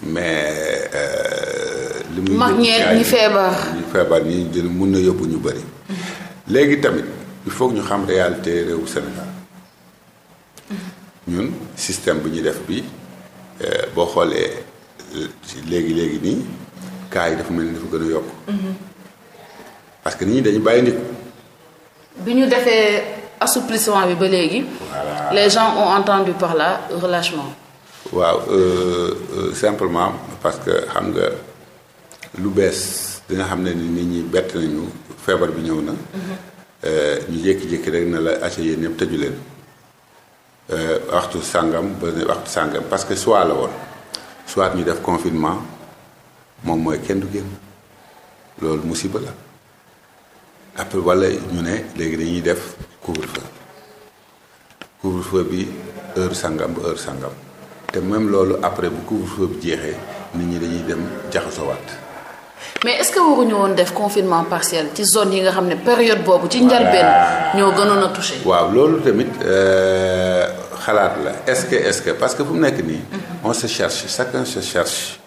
mais. Euh, li muy mag ñeent ñi feebar ñi feebar ñi mun na yóbbu ñu bëri. léegi tamit il faut ñu xam réalité réewu Sénégal ñun système bi ñu def bi boo xoolee léegi léegi nii cas yi dafa mel ni dafa gën a yokk. Mhm. parce que nit ñi dañu bàyyi nit. bi ñu defee. assouplissement bi ba léegi. les gens ont entendu par là relâchement. waaw euh, euh, simplement parce que xam nga lu bees dina xam ne ni nit ñi bett nañu feebar bi ñëw na. Mhm. Euh, ñu jékki-jékki rek na la acca yéen ñëpp tëju leen waxtu sàngam ba waxtu sàngam parce que soit la woon soit ñu def confinement moom mooy kenn du génn loolu musiba la après walla ñu ne léegi dañuy def. couvre-feu couvre-feu bi heure sangam ba heure sangam te même loolu après bu couvre-feu jeexee nit ñi dañuy dem jaxasowaat mais est-ce que waruñu woon def confinement partiel ci zone yi nga xam ne période boobu ci njalbeen ñoo gënoon a touché waaw loolu tamit euh, xalaat la est-ce que est-ce que parce que fu mu nekk nii mhm. on se cherche chacun se cherche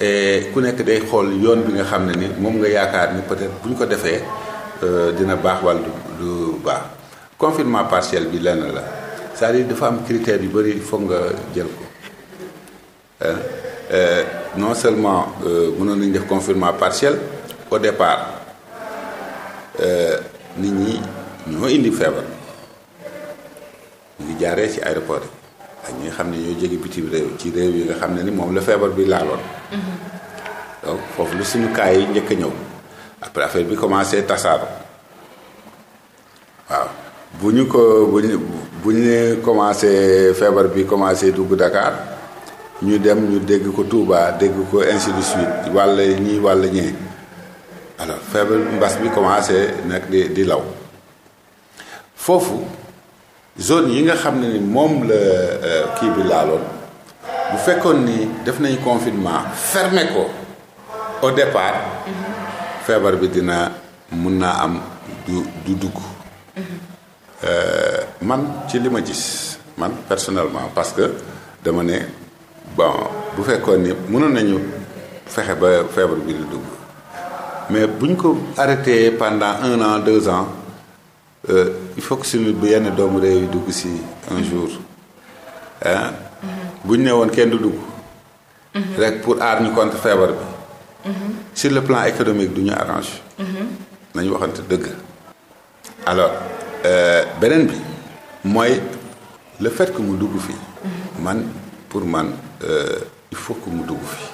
et ku nekk day xool yoon bi nga xam ne ni moom nga yaakaar ni peut-être bu ñu ko defee Euh, dina baax wala du baax confinement partiel bi lenn la cest à dafa am critères yu bëri foog nga jël ko euh, non seulement euh, mënoon nañu def confinement partiel au départ nit ñi ñoo indi feebar ñu ngi jaaree ci aéroport yi ak xam ne ñoo jóge bitim réew ci réew yi nga xam ne ni moom la feebar bi laaloon mm-hmm. donc foofu lu suñu yi njëkk a ñëw. après affaire bi commencé tasaaro waaw bu ñu ko bu ñu bu ñu commencé feebar bi commencé dugg dakaar ñu dem ñu dégg ko Touba dégg ko ainsi de suite walla ñii walla ñee alors feebar mbas bi commencé nag di di law foofu zone yi nga xam ne ni moom la euh, kii bi laaloon bu fekkoon ni def nañ confinement fermé ko au départ. Mhm. feebar bi dina mun naa am du du dugg euh, man ci li ma man personnellement parce que dama ne bon bu fekkoon ni mënoon nañu fexe ba feebar bi di dugg mais bu ñu ko arrêté pendant un an deux ans euh, il faut que suñu bu yenn doomu réew yi dugg si un jour mm-hmm. bu ñu ne woon kenn du dugg mm-hmm. rek pour aar ñu contre feebar bi sur le plan économique duñu ñu arrange nañu waxante dëgg alors euh, beneen bi mooy le fait que mu dugg fi man pour man euh, il faut que mu dugg fi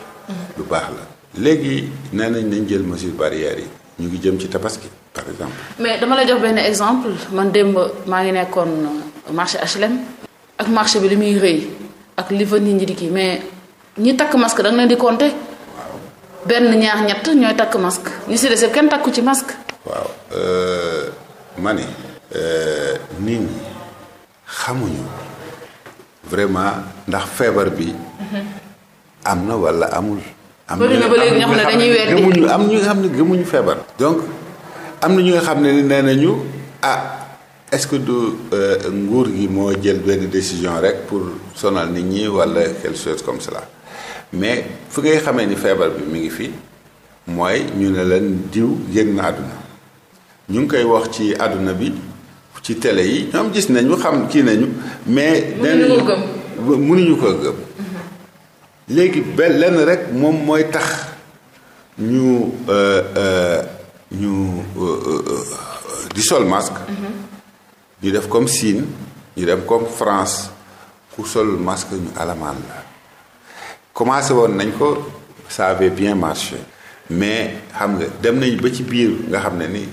lu baax la léegi nee nañ nañ jël mesure barrière yi ñu ngi jëm ci tabaski par exemple mais dama la jox benn exemple man démb maa ngi nekkoon marché HLM ak marché bi li muy rëy ak li nii nit ñi kii mais ñi takk masque da nga leen di compter benn ñaax ñett ñooy takk masque ñu si des kenn takku ci masque. waaw euh, ma ni euh, nit ñi xamuñu vraiment ndax feebar bi. am na wala amul. am na ba xam ne am ñu xam ne gëmuñu feebar. donc am na ñu xam ne nee nañu ah est-ce que du euh, nguur gi moo jël benn décision rek pour sonal nit ñi wala quelque chose comme cela. mais fi ngay xamee ni feebar bi mi ngi fi mooy ñu ne leen diw génn na àdduna ñu ngi koy wax ci àdduna bi ci télé yi ñoom gis nañu xam kii nañu mais mënuñu ko gëm mënuñu gëm léegi benn lenn rek moom mooy tax ñu euh, euh, ñu euh, di sol masque ñu def comme Chine ñu def comme France ku sol masque ñu alamaan la commencé woon nañ ko ça avait bien marché mais xam nga dem nañ ba ci biir nga xam ne ni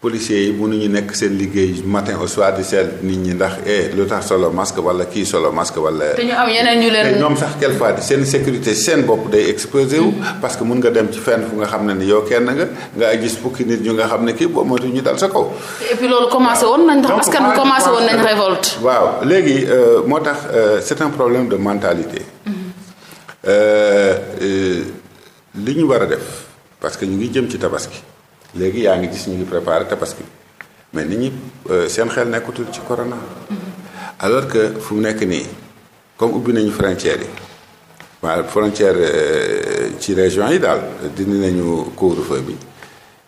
policier yi mënuñu nekk seen liggéey matin au soir di seet nit ñi ndax eh lu tax solo masque wala kii solo masque wala. te ñu am yeneen ñu leen eh, ñoom sax quelquefois seen sécurité seen bopp day exposé wu. Mm-hmm. parce que mun nga dem ci fen fu nga xam ne ni yow kenn nga nga gis fukki nit ñu nga xam ne kii boo moytu ñu dal sa kaw. et puis loolu commencé woon nañ. askan bi waaw léegi euh, moo tax euh, c'est un problème de mentalité. Euh, euh, li ñu war a def parce que ñu ngi jëm ci tabaski léegi yaa ngi gis ñu ngi préparé tabaski mais nit ñi euh, seen xel nekkutul ci corona. Mm-hmm. alors que fu mu nekk nii comme ubbi nañu frontières yi waaw frontière ci région yi daal dindi nañu couvre-feu bi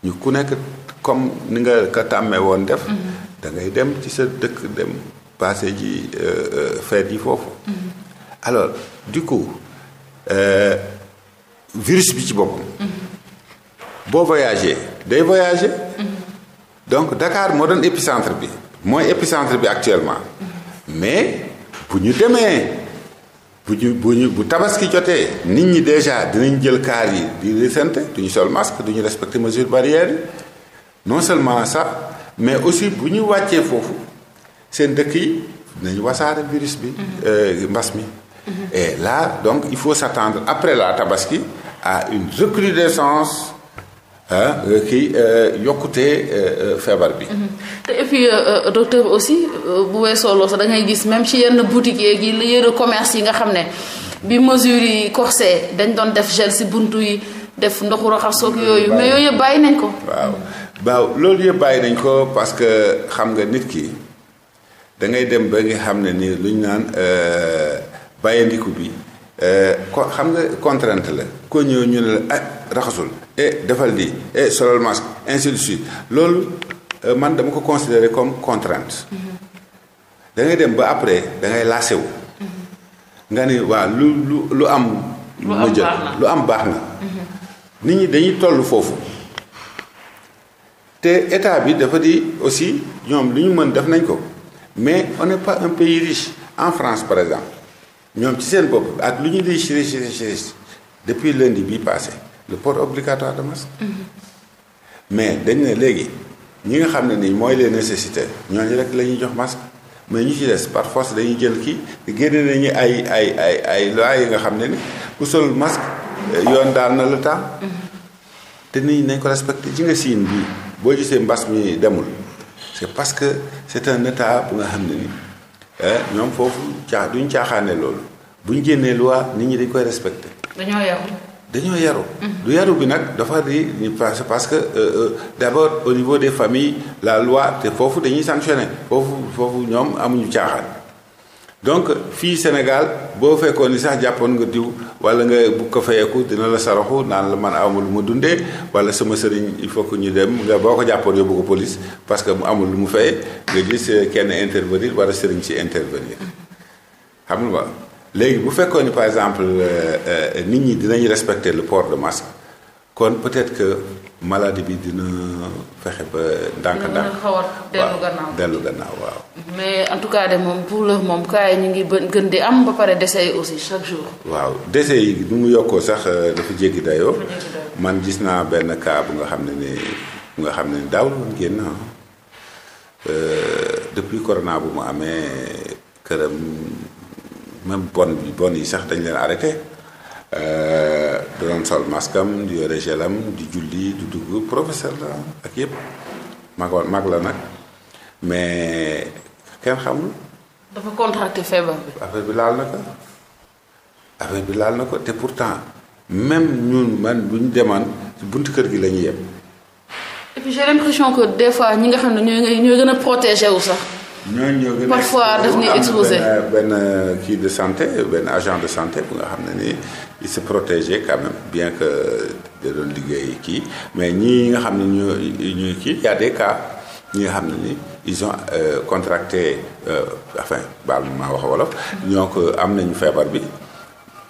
ñu ku nekk comme ni nga ko tàmmee woon def. Mm-hmm. da ngay dem ci sa dëkk dem passé ji fête yi foofu. Mm-hmm. alors du coup. Euh, virus bi ci boppam. Mm-hmm. boo voyagé day voyagé. Mm-hmm. donc dakaar moo doon épicentre bi mooy épicentre bi actuellement. Mm-hmm. mais bu ñu demee bu ñu bu ñu bu tabaski jotee nit ñi déjà dinañ jël kaar yi di resante du ñu sol masque du ñu respecter mesure barrière yi non seulement ça mais aussi bu ñu wàccee foofu seen dëkk yi dinañ wasaare virus bi euh, mbas mi. Et là, donc, il faut sa s'attendre, après la tabaski, à une des ah kii yokkutee feebar bi. Mhm. et puis euh, euh, docteur aussi euh, bu weesoo loolu sax da ngay gis même ci yenn boutique yeeg yi yenn commerce yi nga xam ne bi mesure yi corsé dañ doon def gel si buntu yi def ndoxu raxasoog yooyu. mais yooyu yëpp bàyyi nañ ko. waaw waaw loolu yëpp bàyyi nañ ko parce que xam nga nit ki da ngay dem ba nga xam ne nii luñ naan. bàyyandiku bi ko euh, xam nga contrainte la ko ñëw ñu ne la ah raxasul e defal di e eh, solal masque ainsi suite loolu euh, man dama ko considérer comme contrainte mm-hmm. da ngay dem ba après da ngay lassé wu mm-hmm. nga ni waa lu lu lu am mu jël lu am baax na mm-hmm. nit ñi dañuy toll foofu te état bi dafa di aussi ñoom lu ñu mën def nañ ko mais on n'est pas pays riche en France par exemple ñoom ci seen bopp ak lu ñu di chiri chiri chiri depuis lundi bii passé le port obligatoire de masque. Mm-hmm. mais dañ ne léegi ñi nga xam ne ni mooy les nécessité ñooñu rek la ñuy jox masque mais ñu ci par force dañuy jël kii génne nañu ay ay ay ay loi yi nga xam ne ni ku sol masque mm-hmm. yoon daal na la taal. Mm-hmm. te nit nañ ko respecte ci nga siin bii boo gisee mbas mi demul c'est parce que c'est un état bu nga xam ne ni eh, ñoom foofu caa duñ caaxaane loolu. bu ñu génnee loi nit ñi dañ koy respecté. dañoo yaru. dañoo yaru. Mm-hmm. du yaru bi nag dafa di ñu parce parce que euh, euh, d' abord au niveau des familles la loi te foofu dañuy sanctionné foofu foofu ñoom amuñu caaxaan. donc fii Sénégal boo fekkoon ni sax jàppoon nga diw wala nga bu ko fayeeku dina la saraxu naan la man amul lu ma dundee wala sama sëriñ il faut que ñu dem nga boo ko jàppoon yóbbu ko police parce que mu amul lu mu fayee nga gis euh, kenn intervenir wala sëriñ si interveni mm-hmm. xam léegi bu fekkoon ni par exemple euh, euh, nit ñi dinañu respecter le port de masque kon peut-être que maladie bi dina fexe ba. ndànk-ndànk dina dellu gannaaw waaw. mais en tout cas de moom pour le moom cas ñu ngi gën di am ba pare décès yi aussi chaque jour. waaw décès yi nu mu yokkoo sax euh, dafa jéggi dayoo. man gis naa benn cas bu nga xam ne ni bu nga xam ne ni daaw la génn ah. depuis corona bu mu amee këram. même bon bi bon yi sax dañ leen arrêté euh, du doon sol maskam di yore gelam di julli du dugg professeur la ak yëpp magoon mag la nag mais kenn xamul. dafa contracté feebar bi. affaire bi laal na ko affaire bi laal na ko te pourtant même ñun man bu ñu demaan ci buntu kër gi la ñu yem. et puis j'ai l'impression que ñi nga xam ne ñooy ñooy gën a protégé sax. ñooñu ñoo gën a parfois benn kii de santé benn agent de santé bu nga xam ne ni il se protégeait quand même bien que da doon liggéey kii mais ñii nga xam ne ñu ñuy kii y a cas ñi nga xam ne nii ils ont euh, contracté euh, enfin baal ma wax wolof ñoo ko am nañu feebar bi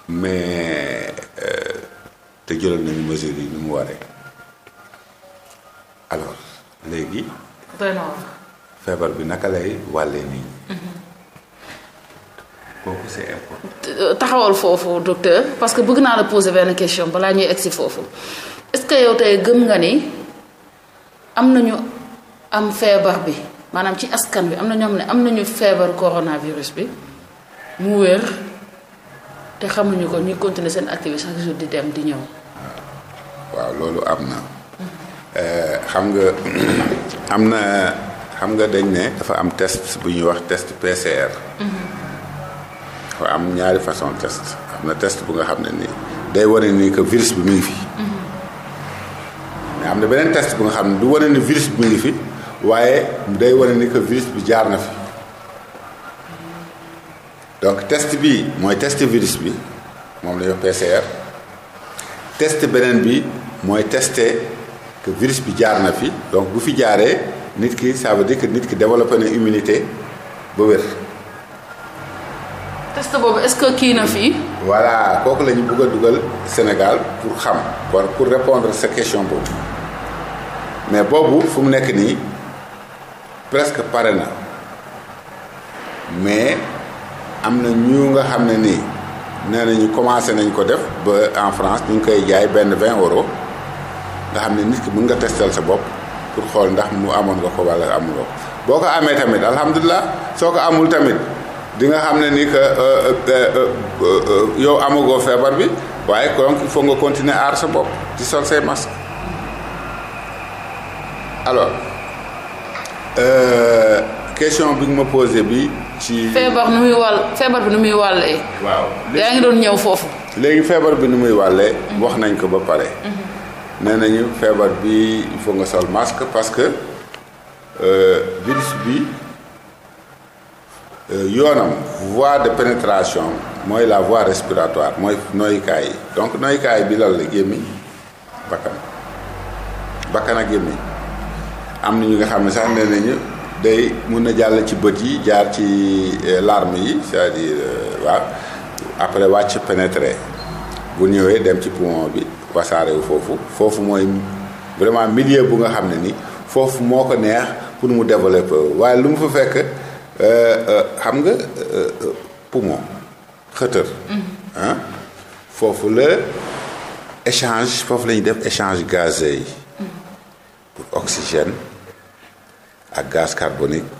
mais euh, te jëloon nañu mesures yi mu waree alors léegi. feebar bi naka lay wàllee nii. kooku c'est taxawal foofu docteur parce que bëgg naa la poser benn question balaa ñuy egsi foofu est-ce que yow tey gëm nga ni am na ñu am feebar bi maanaam ci askan bi am na ñoom ne am nañu feebar coronavirus bi mu wér te xamuñu ko ñuy continuer seen activité chaque jour di dem di ñëw. waaw loolu am na. Euh, xam nga am na. xam nga dañ ne dafa am test bu ñuy wax test PCR. dafa am ñaari façon test am na test bu nga xam ne nii day wane ni que virus bi mu ngi fi. mais am na beneen test bu nga xam ne du wane ni virus bi mu ngi fi waaye day wane ni que virus bi jaar na fi donc test bi mooy test virus bi moom la ñu PCR test beneen bi mooy teste que virus bi jaar na fi donc bu fi jaaree. nit ki ça dikk nit ki développé na immunité ba wér. test boobu est-ce que kii na fii. voilà kooku la ñu bëgg a dugal Sénégal pour xam pour pour répondre sa question boobu mais boobu fu mu nekk nii presque pare na mais am na ñu nga xam ne nii nee nañu commencé nañ ko def ba en France ñu ngi koy jaay benn 20 euros nga xam ne nit ki mën nga testal sa bopp. pour xool ndax mu amoon nga ko wala amul nga boo ko amee tamit alhamdulilah soo ko amul tamit di nga xam ne ni que euh, euh, euh, yow amagoo feebar bi waaye donc il faut nga continuer aar sa bopp di sol say masque alors question bi nga ma posé bi ci. feebar nu muy wàll feebar bi nu muy wàllee. waaw yaa ngi doon ñëw foofu. léegi feebar bi nu muy wàllee. Mm-hmm. wax nañ ko ba pare. Mm-hmm. nee nañu feebar bi il faut nga sol masque parce que euh, virus bi euh, yoonam voie de pénétration mooy la voie respiratoire mooy noyukaay donc noyukaay bi lan la gémmiñ bakkan bakkan ak gémmiñ am na ñu nga xam ne sax nee nañu day mun na jàll ci bët yi jaar ci euh, larme yi c'est-à-dire waaw après wàcc pénétrer bu ñëwee dem ci poumon bi wasaare wu foofu foofu mooy vraiment milieu bu nga xam ne ni foofu moo ko neex pour mu développer waaye lu mu fa fekk euh, euh, xam nga euh, poumon xëtër ah foofu la échange foofu la ñuy def échange gazeux yi mm-hmm. pour oxygène ak gaz carbonique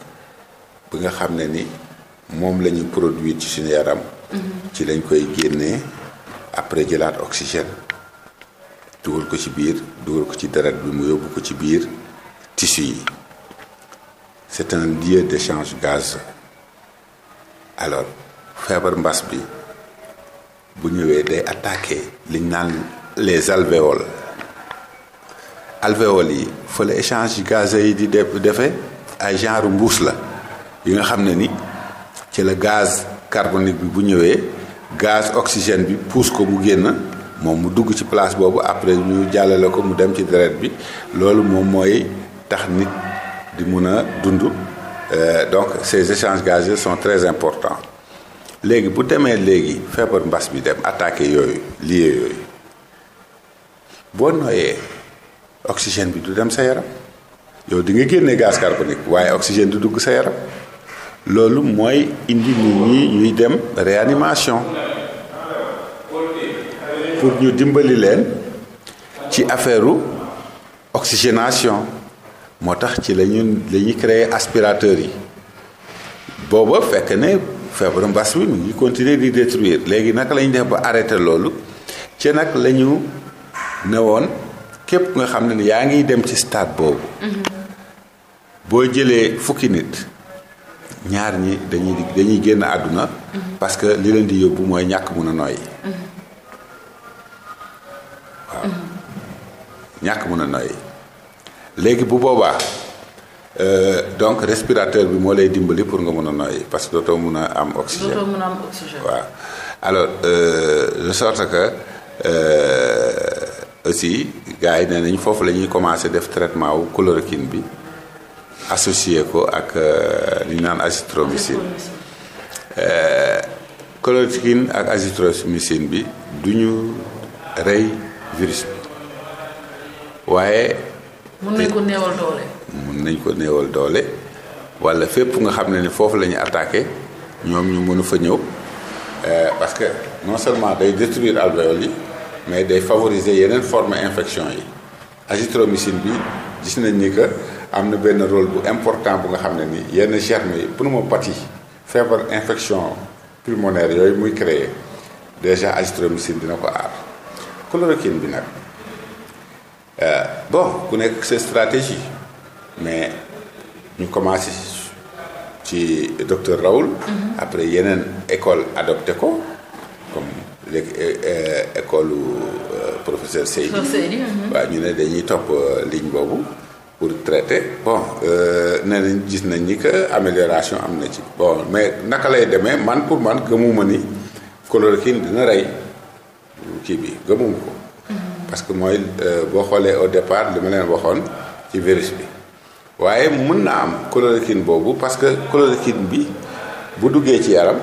bi nga xam ne ni moom la ñu produire ci suñu yaram mm-hmm. ci lañ koy génnee après jëlaat oxygène dugal ko ci biir dugal ko ci deret bi mu yóbbu ko ci biir tissu yi c'est un de d'échange gaz alors feebar mbas bi bu ñëwee day attaqué liñ naan les alvéoles alvéoles yi fa la échange gaz yi di def defee ay genre mbuus la yi nga xam ne ni ci la gaz carbonique bi bu ñëwee gaz oxygène bi pousse ko bu génn moom mu dugg ci place boobu après ñu jàllale ko mu dem ci deret bi loolu moom mooy tax nit di mun a dund euh, donc ces échanges gazeux son très importants léegi bu demee léegi feebar mbas bi dem attaqué yooyu lié yooyu boo noyee oxygène bi du dem sa yaram yow di nga génne gaz carbonique waaye oxygène du dugg sa yaram loolu mooy indi nit ñi ñuy dem réanimation pour ñu dimbali leen ci affaire u moo tax ci la ñu la créer aspirateur yi booba fekk ne feebaru mbas bi mu ngi continuer di détruire léegi naka la ñu ba arrêté loolu ci nag la ñu ne woon képp nga xam ne ni yaa ngi dem ci stade boobu mm-hmm. boo jëlee fukki nit ñaar ñi dañuy dañuy génn àdduna mm-hmm. parce que li leen di yóbbu mooy ñàkk mun a nooy ñàkk mun a noyyi léegi bu boobaa euh, donc respirateur bi moo lay dimbali pour nga mun a noyyi parce que dootoo mun a am oxygène dootoo alors euh, de sorte que euh, aussi gars yi nee nañ foofu la ñuy commencé def traitement wu chloroquine bi associé ko ak li ñu naan azithromycine chloroquine ak azithromycine bi du ñu rey virus waaye. mun nañ ko néewal doole. mun wala fépp nga xam ne ni foofu la ñu attaqué ñoom ñu mënu fa ñëw euh, parce que non seulement day détruire alvéoles yi mais day favoriser yeneen forme infection yi azithromycine bi gis nañ ni que am na benn rôle bu important bu nga xam ne ni yenn germes yi pati feebar infection pulmonaire yooyu muy créer déjà azithromycine dina ko aar chloroquine bi nag. Euh, bon ku nekk sa stratégie mais ñu commencé ci docteur rawul mm-hmm. après yeneen école adopté ko comme léegi euh, école euh, professeur Seydi. Mm-hmm. waaw ñu ne dañuy topp ligne boobu pour traité bon nee nañ gis nañ ni que amélioration am na ci. bon mais naka lay demee man pour man gëmuma ni chloroquine dina rey kii bi gëmuma ko. parce que mooy euh, boo xoolee au départ li ma leen waxoon ci virus bi waaye mun na am chloroquine boobu parce que chloroquine bi bu duggee ci yaram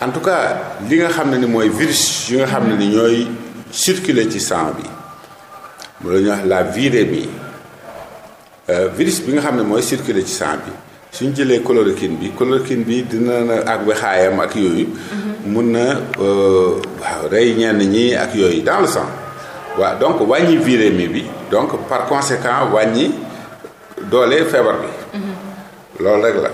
en tout cas li nga xam ne ni mooy virus yi nga xam ne ni ñooy circuler ci sang bi mu la ñuy wax la virémie euh, virus bi nga xam ne mooy circuler ci sang bi suñ jëlee chloroquine bi chloroquine bi dina na ak wexaayam ak yooyu mm-hmm. mun na euh, waaw rey ñenn ñi ak yooyu dans le sang waaw donc wàññi virémi bi donc par conséquent wàññi doole feebar bi. Mm-hmm. loolu rek la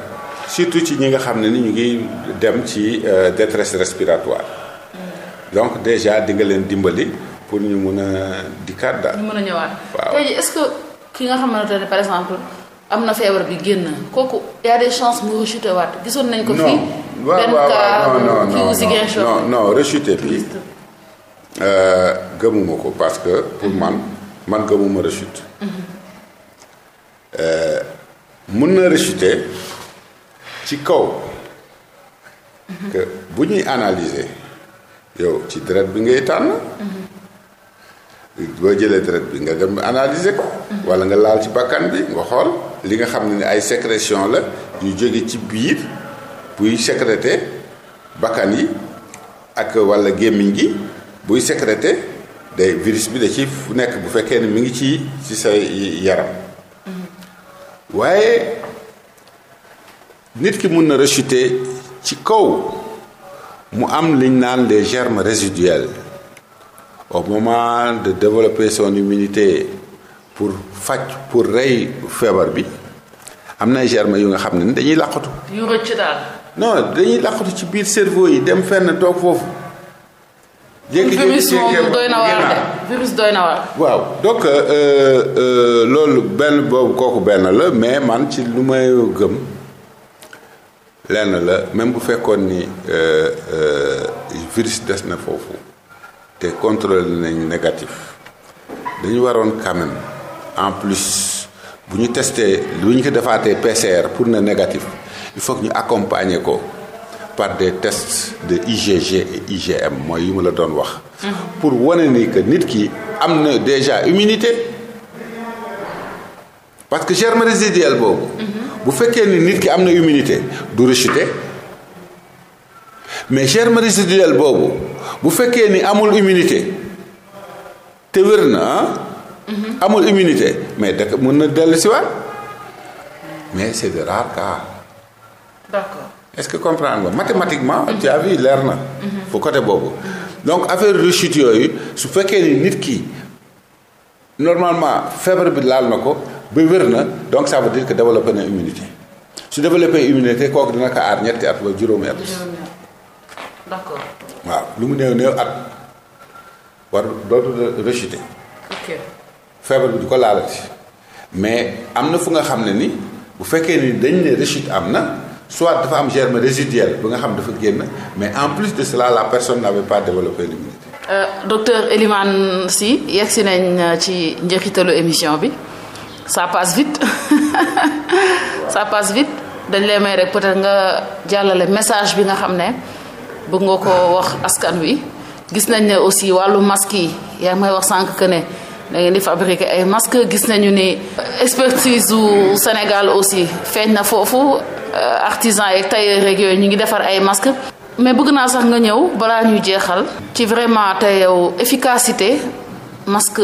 surtout ci ñi nga xam ne ni ñu ngi dem ci euh, détresse respiratoire. Mm. donc déjà di nga leen dimbali pour ñu mun a dikkaat daal. ñu mun a ñëwaat. waaw tey est-ce que ki nga xamante ne par exemple am na feebar bi génn kooku y a des chances mu rechuter waat gisoon nañ ko. fii benn cas non non non bi. Euh, gëmuma ko parce que pour man man gëmuma rechute euh, mun na rechuter ci kaw que bu ñuy analyser yow ci deret bi ngay tànn boo jëlee deret bi nga dem analyser ko wala nga laal ci bakkan bi nga xool li nga xam ne ni ay secretion la ñu jóge ci biir buy sécréter bakkan yi ak walla gémmiñ gi buy sécrété de virus bi da ci fu nekk bu fekkee ne mi ngi ci ci sa yaram waaye nit ki mun na rechuter ci kaw mu am liñ naan les germe résiduels au moment de développer son immunité pour faj pour rey feebar bi am na germes yu nga xam ne ni dañuy làqatu. yu rëcc daal. non dañuy làqatu ci biir cerveau yi dem fenn toog foofu. virus moom doy na waar doy na waar. waaw donc euh, euh, euh, loolu benn boobu kooku benn la mais man ci lu may gëm lenn la même bu fekkoon ni virus des na foofu te contrôle nañ négatif dañu waroon quand en plus bu ñu testé bu ñu ko defaatee PCR pour na négatif il foog ñu accompagner ko. par des tests de IgG et IgM mooy yi ma la doon wax. pour wane ni que nit ki am na déjà immunité parce que germe résiduel boobu. bu fekkee ni nit ki am na immunité du rechuter mais germe résiduel boobu bu fekkee ni amul immunité te wér na ah. amul immunité mais da mën na dellusiwaat mais c'est de rares cas. est-ce que comprendre nga mathématiquement tu as leer na. bu mhm. côté boobu. donc affaire rechute yooyu su fekkee ni nit ki normalement feebar bi laal na ko ba wér na donc ça veut dire que na immunité su développé immunité kooku dina ko aar ñetti at ba juróomi at. d'accord. waaw lu mu néew néew at war dootul rechuter. feebar bi du ko laalati mais am na fu nga xam ne ni bu fekkee nii dañ ne rechute am na. soit dafa am germe résiduel ba nga xam dafa génn mais en plus de cela la personne n'avait pas développé l'immunité. Euh, docteur Elimane si yegg si nañ euh, ci njeexitalu émission bi ça passe vite ça passe vite dañ lay may rek peut-être nga jàllale message bi nga xam ne bëgg nga ko wax askan wi gis nañ ne aussi wàllu masque yi yaa ngi may wax sànq que ne da ngeen di fabriquer ay masque gis nañu ne expertise u Sénégal aussi feeñ na foofu. Euh, artisans yeeg tailleurs yeeg yooyu ñu ngi defar ay masques. mais bëgg naa sax nga ñëw balaa ñuy jeexal. ci vraiment tey yow efficacité masque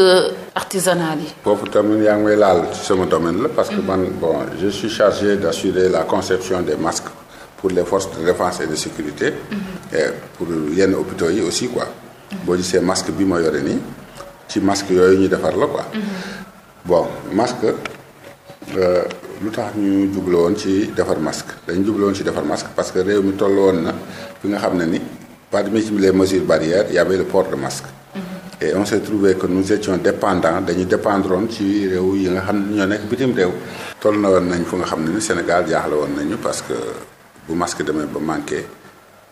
artisanal yi. foofu tamit yaa ngi may laal ci sama domaine la. parce que man bon je suis chargé d' assurer la conception des masques pour les forces de défense et de sécurité. Mm-hmm. pour yenn hôpitaux yi aussi quoi. boo gisee masque bi ma yore nii ci masque yooyu ñu defar la quoi. Mm-hmm. bon masque. Euh, lu tax ñu jublu woon ci defar masque dañu jublu woon ci defar masque parce que réew mi toll woon na fi nga xam ne ni parmi les mesures barrières y avait le port de masque. Mm-hmm. et on s'est trouvé que nous étions dépendants dañu dépendroon ci réew yi nga xam ne ñoo nekk bitim réew. toll na woon nañ fu nga xam ne ni Sénégal jaaxle woon nañu parce que bu masque demee ba manqué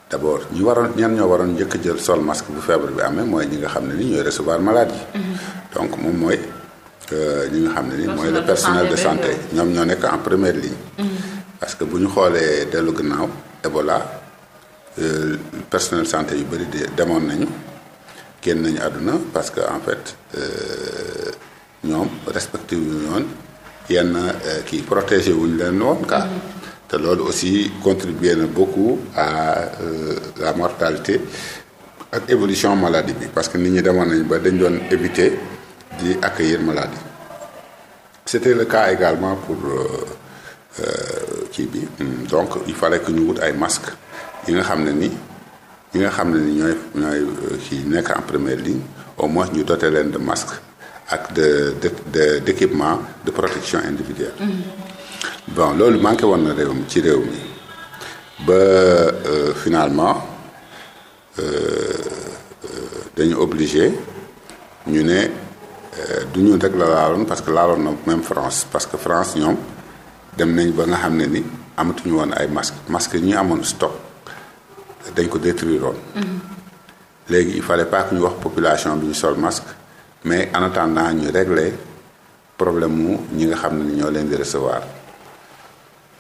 d' abord ñu waroon ñan ñoo waroon njëkk jël sol masque bu feebar bi amee mooy ñi nga xam ne ni ñooy recevoir maladie. Mm-hmm. donc moom mooy. ñi nga xam ne ni mooy le personnel de santé ñoom ñoo nekk en première ligne mm-hmm. parce que bu ñu xoolee dellu gannaaw Ebola euh, personnel santé yu bëri demoon nañu génn nañu àdduna parce que en fait euh, ñoom respecté wuñu woon yenn euh, kii protégé wuñ leen woon quoi mm-hmm. te loolu aussi contribué na beaucoup à la mortalité ak évolution maladie bi parce que nit ñi demoon nañu ba dañ doon éviter di accueillir maladie c'était le cas également pour euh, euh, kii bi donc il fallait que ñu wut ay masques yi nga xam ne ni yi nga xam ne ni ñooy ñooy euh, nekk en première ligne au moins ñu doter leen de masques ak de de de d'équipement de protection individuelle. Mm-hmm. bon loolu manqué woon na réew mi ci réew mi ba finalement dañu euh, ñu ne. Euh, du ñu rek la laaloon parce que laaloon na même France parce que France ñoom dem nañ ba nga xam ne ni amatuñu woon ay masque masque ñi amoon stock dañ ko détruire woon mm-hmm. léegi il fallait pas que ñu wax population bi ñu sol masque mais en naa ñu régler problème mu ñi nga xam ne ñoo leen di recevoir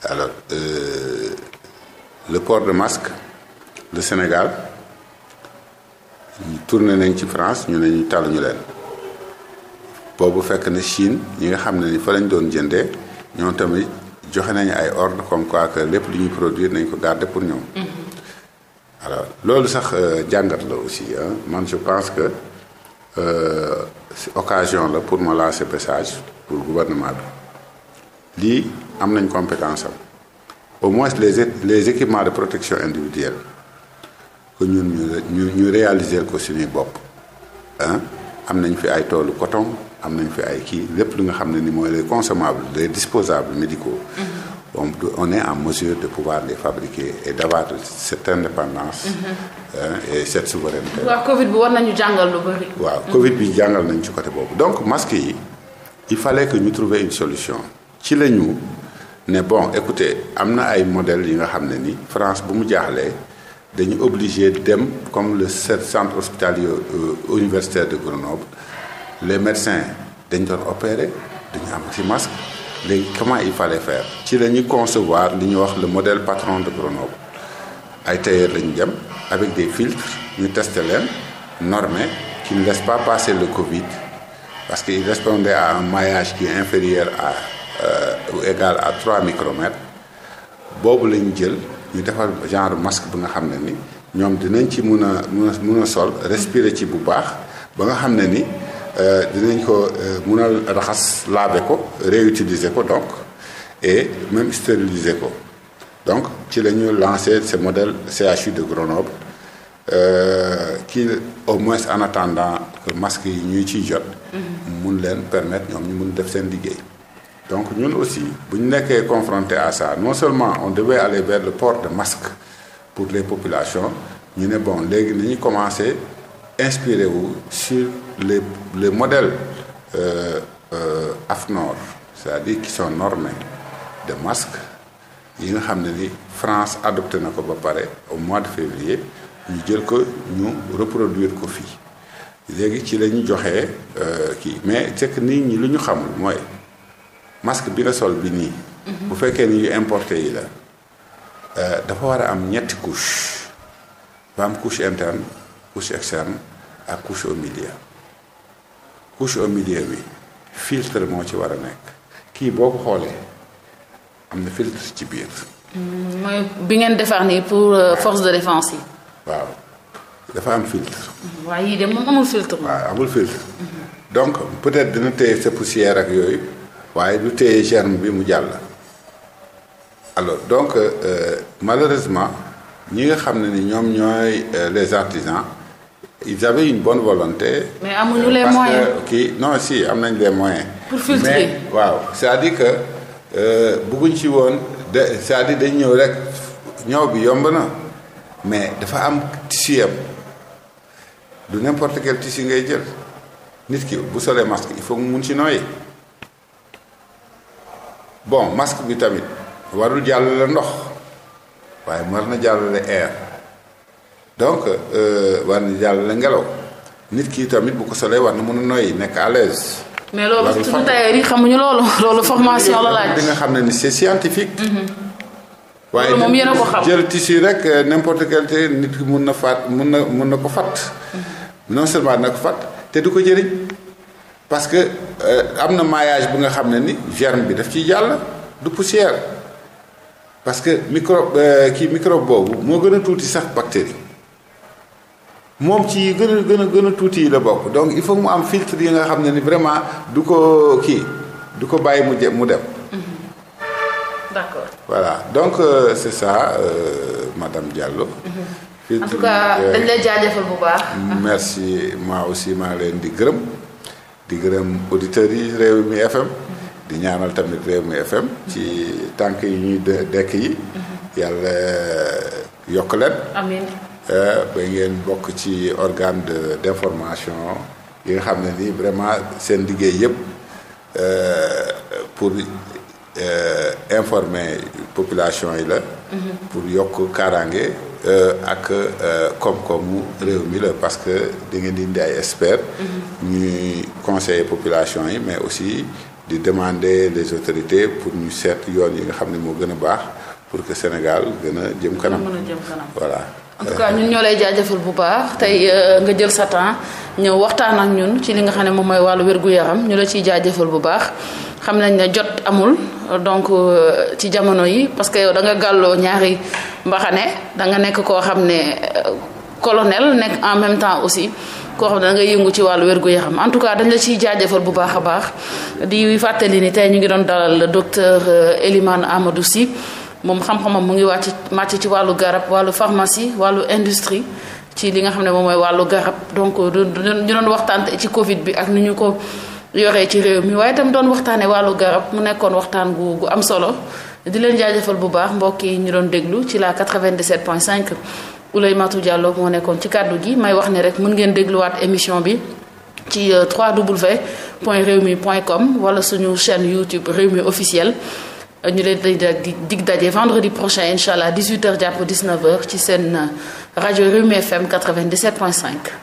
alors euh, le port de masque le Sénégal tourné nañ ci France ñu ne ñu taluñu leen boobu fekk na Chine ñi nga xam ne ni fa lañ doon jëndee ñoom tamit joxe nañu ay ordre comme quoi que lépp lu ñuy produire nañ ko gàdde pour ñoom. Mm-hmm. alors loolu sax euh, jàngat la aussi man je pense que euh, occasion la pour ma lancer message pour gouvernement bi lii am nañ compétence am au moins les les équipements de protection individuelle que ñun ñu ñu réaliser ko suñuy bopp ah am nañ fi ay toolu coton. am nañ fi ay kii lépp lu nga xam ne ni mooy les consommables les disposables médicaux mm-hmm. on on est en mesure de pouvoir les fabriquer et d'avoir cette indépendance mm-hmm. et cette souveraineté waaw covid bi war nañu jàngal lu bari waaw covid bi jàngal nañ ci côté boobu donc masque yi il fallait que ñu trouver une solution ci la ñu ne bon écoutez am na ay modèles yi nga xam ne ni France bu mu jaaxlee dañu obligé dem comme le centre hospitalier euh, universitaire de Grenoble les médecins dañ doon opérer dañu am ci masque léegi comment il fale fair ci la ñu concevoir li ñuy wax le modèle patron de Grenoble ay tailleur lañ dem avec des filtres ñu testé leen normé qui ne laisse pas passer le Covid parce qu'il répondait à un maillage qui est inférieur à euh, ou égal à micromètres boobu la ñu jël ñu defar genre masque bi nga xam ne ni ñoom dinañ ci mun a mun a mun a sol respirer ci bu baax ba nga xam ne ni Euh, dinañ ko euh, mun a raxas laver ko réutiliser ko donc et même stériliser ko donc ci la ñu lancé ce modèle CHU de Grenoble kii euh, au moins en attendant que masque yi ñuy ciy jot. Mhm. mun leen permettre ñoom ñu mun def seen liggéey. donc ñun aussi bu ñu nekkee confronté à ça non seulement on devait aller vers le port de masque pour les populations ñu ne bon léegi ñu commencé inspiré wu sur. les, les modèles euh, euh, AFNOR c'est-à-dire qui sont de masques yi nga xam ne ni France adopté na ko ba pare au mois de février ñu jël ko ñu reproduire ko fii léegi ci la joxe joxee euh, kii mais c'est ni ñi lu ñu xamul mooy masque bi nga sol bi nii. Mhm. bu fekkee ni yu importé yi la. Euh, dafa war a am ñetti couche ba am couche interne couche externe ak couche au milieu. couche au bi filtre moo ci war a nekk kii boo ko xoolee am na filtre ci biir. Mm, mooy bi ngeen defar nii pour euh, force de défense yi. waaw dafa am filtre. Mm-hmm. waaye yii de moom amul filtre. waaw amul filtre mm-hmm. donc peut-être dina téye sa poussière ak yooyu waaye du téye germe bi mu jàll. alors donc euh, euh, malheureusement ñi nga xam ne ni ñoom ñooy les artisans. ils avaient une bonne volonté. mais amuñu les si am nañ les moyens. pour filtrer mais waaw c'est-à-dire que euh, bëgguñ ci woon de cest à dañ ñëw rek ñëw bi yomb na mais dafa am tissu yam du n'importe quel tissu ngay jël nit ki bu solee masque il faut mu mun ci noyyi bon masque bi tamit warul jàllale ndox waaye war na jàllale air. donc euh, war na jàll la ngelaw nit kii tamit bu ko solee war na mun a noyyi nekk à l'aise mais loolu suñu tailleur yi xamuñu loolu. loolu formation la laaj di nga xam ne ni c'est scientifique. Mhm. waaye moom yéen a ko xam jël tissu rek euh, n'importe quel nit ki mun na faat mun na mun na ko fat mhm. non seulement na ko fat te du ko jëriñ parce que euh, am na maillage bu nga xam ne ni germe bi daf ci jàll du poussière parce que microbe kii microbe boobu moo gën a tuuti sax bactérie. moom ci yi gën a tuuti yi la bokk donc il faut mu am filtre yi nga xam ne ni vraiment du ko kii du ko bàyyi mu jëm mu dem. Mm-hmm. d'accord voilà donc euh, c'est ça euh, madame Diallo. Mm-hmm. Euh, bu baax. merci moi aussi maa leen di gërëm di gërëm auditeurs yi Rewmi FM. Mm-hmm. di ñaanal tamit Rewmi FM. ci tànk yi ñuy dëkk yi. yàlla euh, yokk leen. Euh, ba ngeen bokk ci organe de d'information yi nga xam ne nii vraiment seen liggéey yëpp euh, pour euh, informer population yi la. Mm-hmm. pour yokk kaaraange ak koom-koomu réew mi la parce que da ngeen di indi ay experts. Mm-hmm. ñuy conseiller population yi mais aussi di demander les autorités pour ñu seet yoon yi nga xam ne moo gën a baax pour que Sénégal gën a jëm kanam. voilà. en tout ñun ñoo lay jaajëfal bu baax tey euh, nga jël sa temps ñëw waxtaan ak ñun ci li nga xam ne moom mooy wàllu wér-gu-yaram ñu la ciy jaajëfal bu baax xam nañ ne jot amul donc euh, ci jamono yi parce que yow da nga gàlloo ñaari mbaxane da nga nekk koo xam ne euh, colonel nekk en même temps aussi koo xam ne da yëngu ci wàllu wér-gu-yaram en tout cas dañ la ciy jaajëfal bu baax a baax di fàttali ni tey ñu ngi doon dalal docteur Elimane Amadou Sy moom xam-xamam mu ngi wàcc màcc ci wàllu garab wàllu pharmacie wàllu industrie ci li nga xam ne moom mooy wàllu garab donc ñu doon waxtaan ci Covid bi ak ni ñu ko yoree ci réew mi waaye tam doon waxtaanee wàllu garab mu nekkoon waxtaan gu am solo di leen jaajëfal bu baax mbokk yi ñu doon déglu ci la 97.5 matu Diallo moo nekkoon ci kàddu gi may wax ne rek mën ngeen dégluwaat émission bi ci euh, point www.rewmi.com wala suñu chaîne YouTube Rewmi officiel. ñu leen di dig daje vendredi prochain incha allah 18h jàpp 19h ci seen euh, rajo Rewmi FM 97.5.